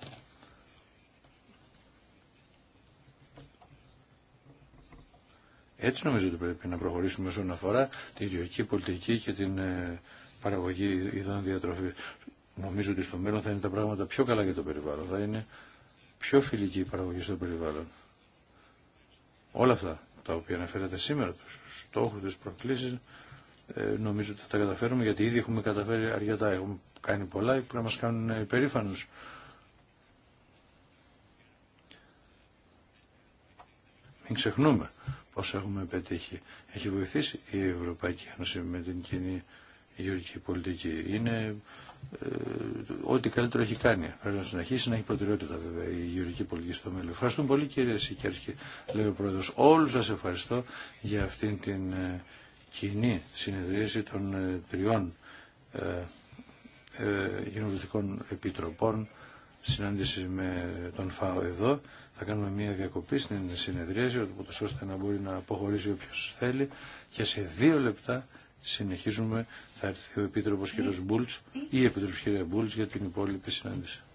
Έτσι νομίζω ότι πρέπει να προχωρήσουμε όσον αφορά την ιδιωτική πολιτική και την ε, παραγωγή ειδών διατροφή. Νομίζω ότι στο μέλλον θα είναι τα πράγματα πιο καλά για το περιβάλλον, θα είναι πιο φιλική η παραγωγή στο περιβάλλον. Όλα αυτά τα οποία αναφέρατε σήμερα, του στόχους, τι προκλήσεις, ε, νομίζω ότι θα τα καταφέρουμε γιατί ήδη έχουμε καταφέρει αρκετά. Έχουμε κάνει πολλά που να μα κάνουν ε, υπερήφανου. Μην ξεχνούμε όσο έχουμε πετύχει. Έχει βοηθήσει η Ευρωπαϊκή Ένωση με την κοινή γεωργική πολιτική. Είναι ε, ό,τι καλύτερο έχει κάνει. Πρέπει να συνεχίσει να έχει προτεραιότητα βέβαια η γεωργική πολιτική στο μέλλον. Ευχαριστούμε πολύ κύριε Σικέρσκη, λέει ο πρόεδρο. Όλου σα ευχαριστώ για αυτήν την ε, κοινή συνεδρίαση των ε, τριών ε, επιτροπών συνάντηση με τον ΦΑΟ εδώ. Θα κάνουμε μια διακοπή στην συνεδρίαση, ώστε να μπορεί να αποχωρήσει όποιο θέλει. Και σε δύο λεπτά συνεχίζουμε. Θα έρθει ο επίτροπο κ. Ναι. Μπούλτ ή η Επιτροπή κ. Μπούλτ για την υπόλοιπη συνάντηση.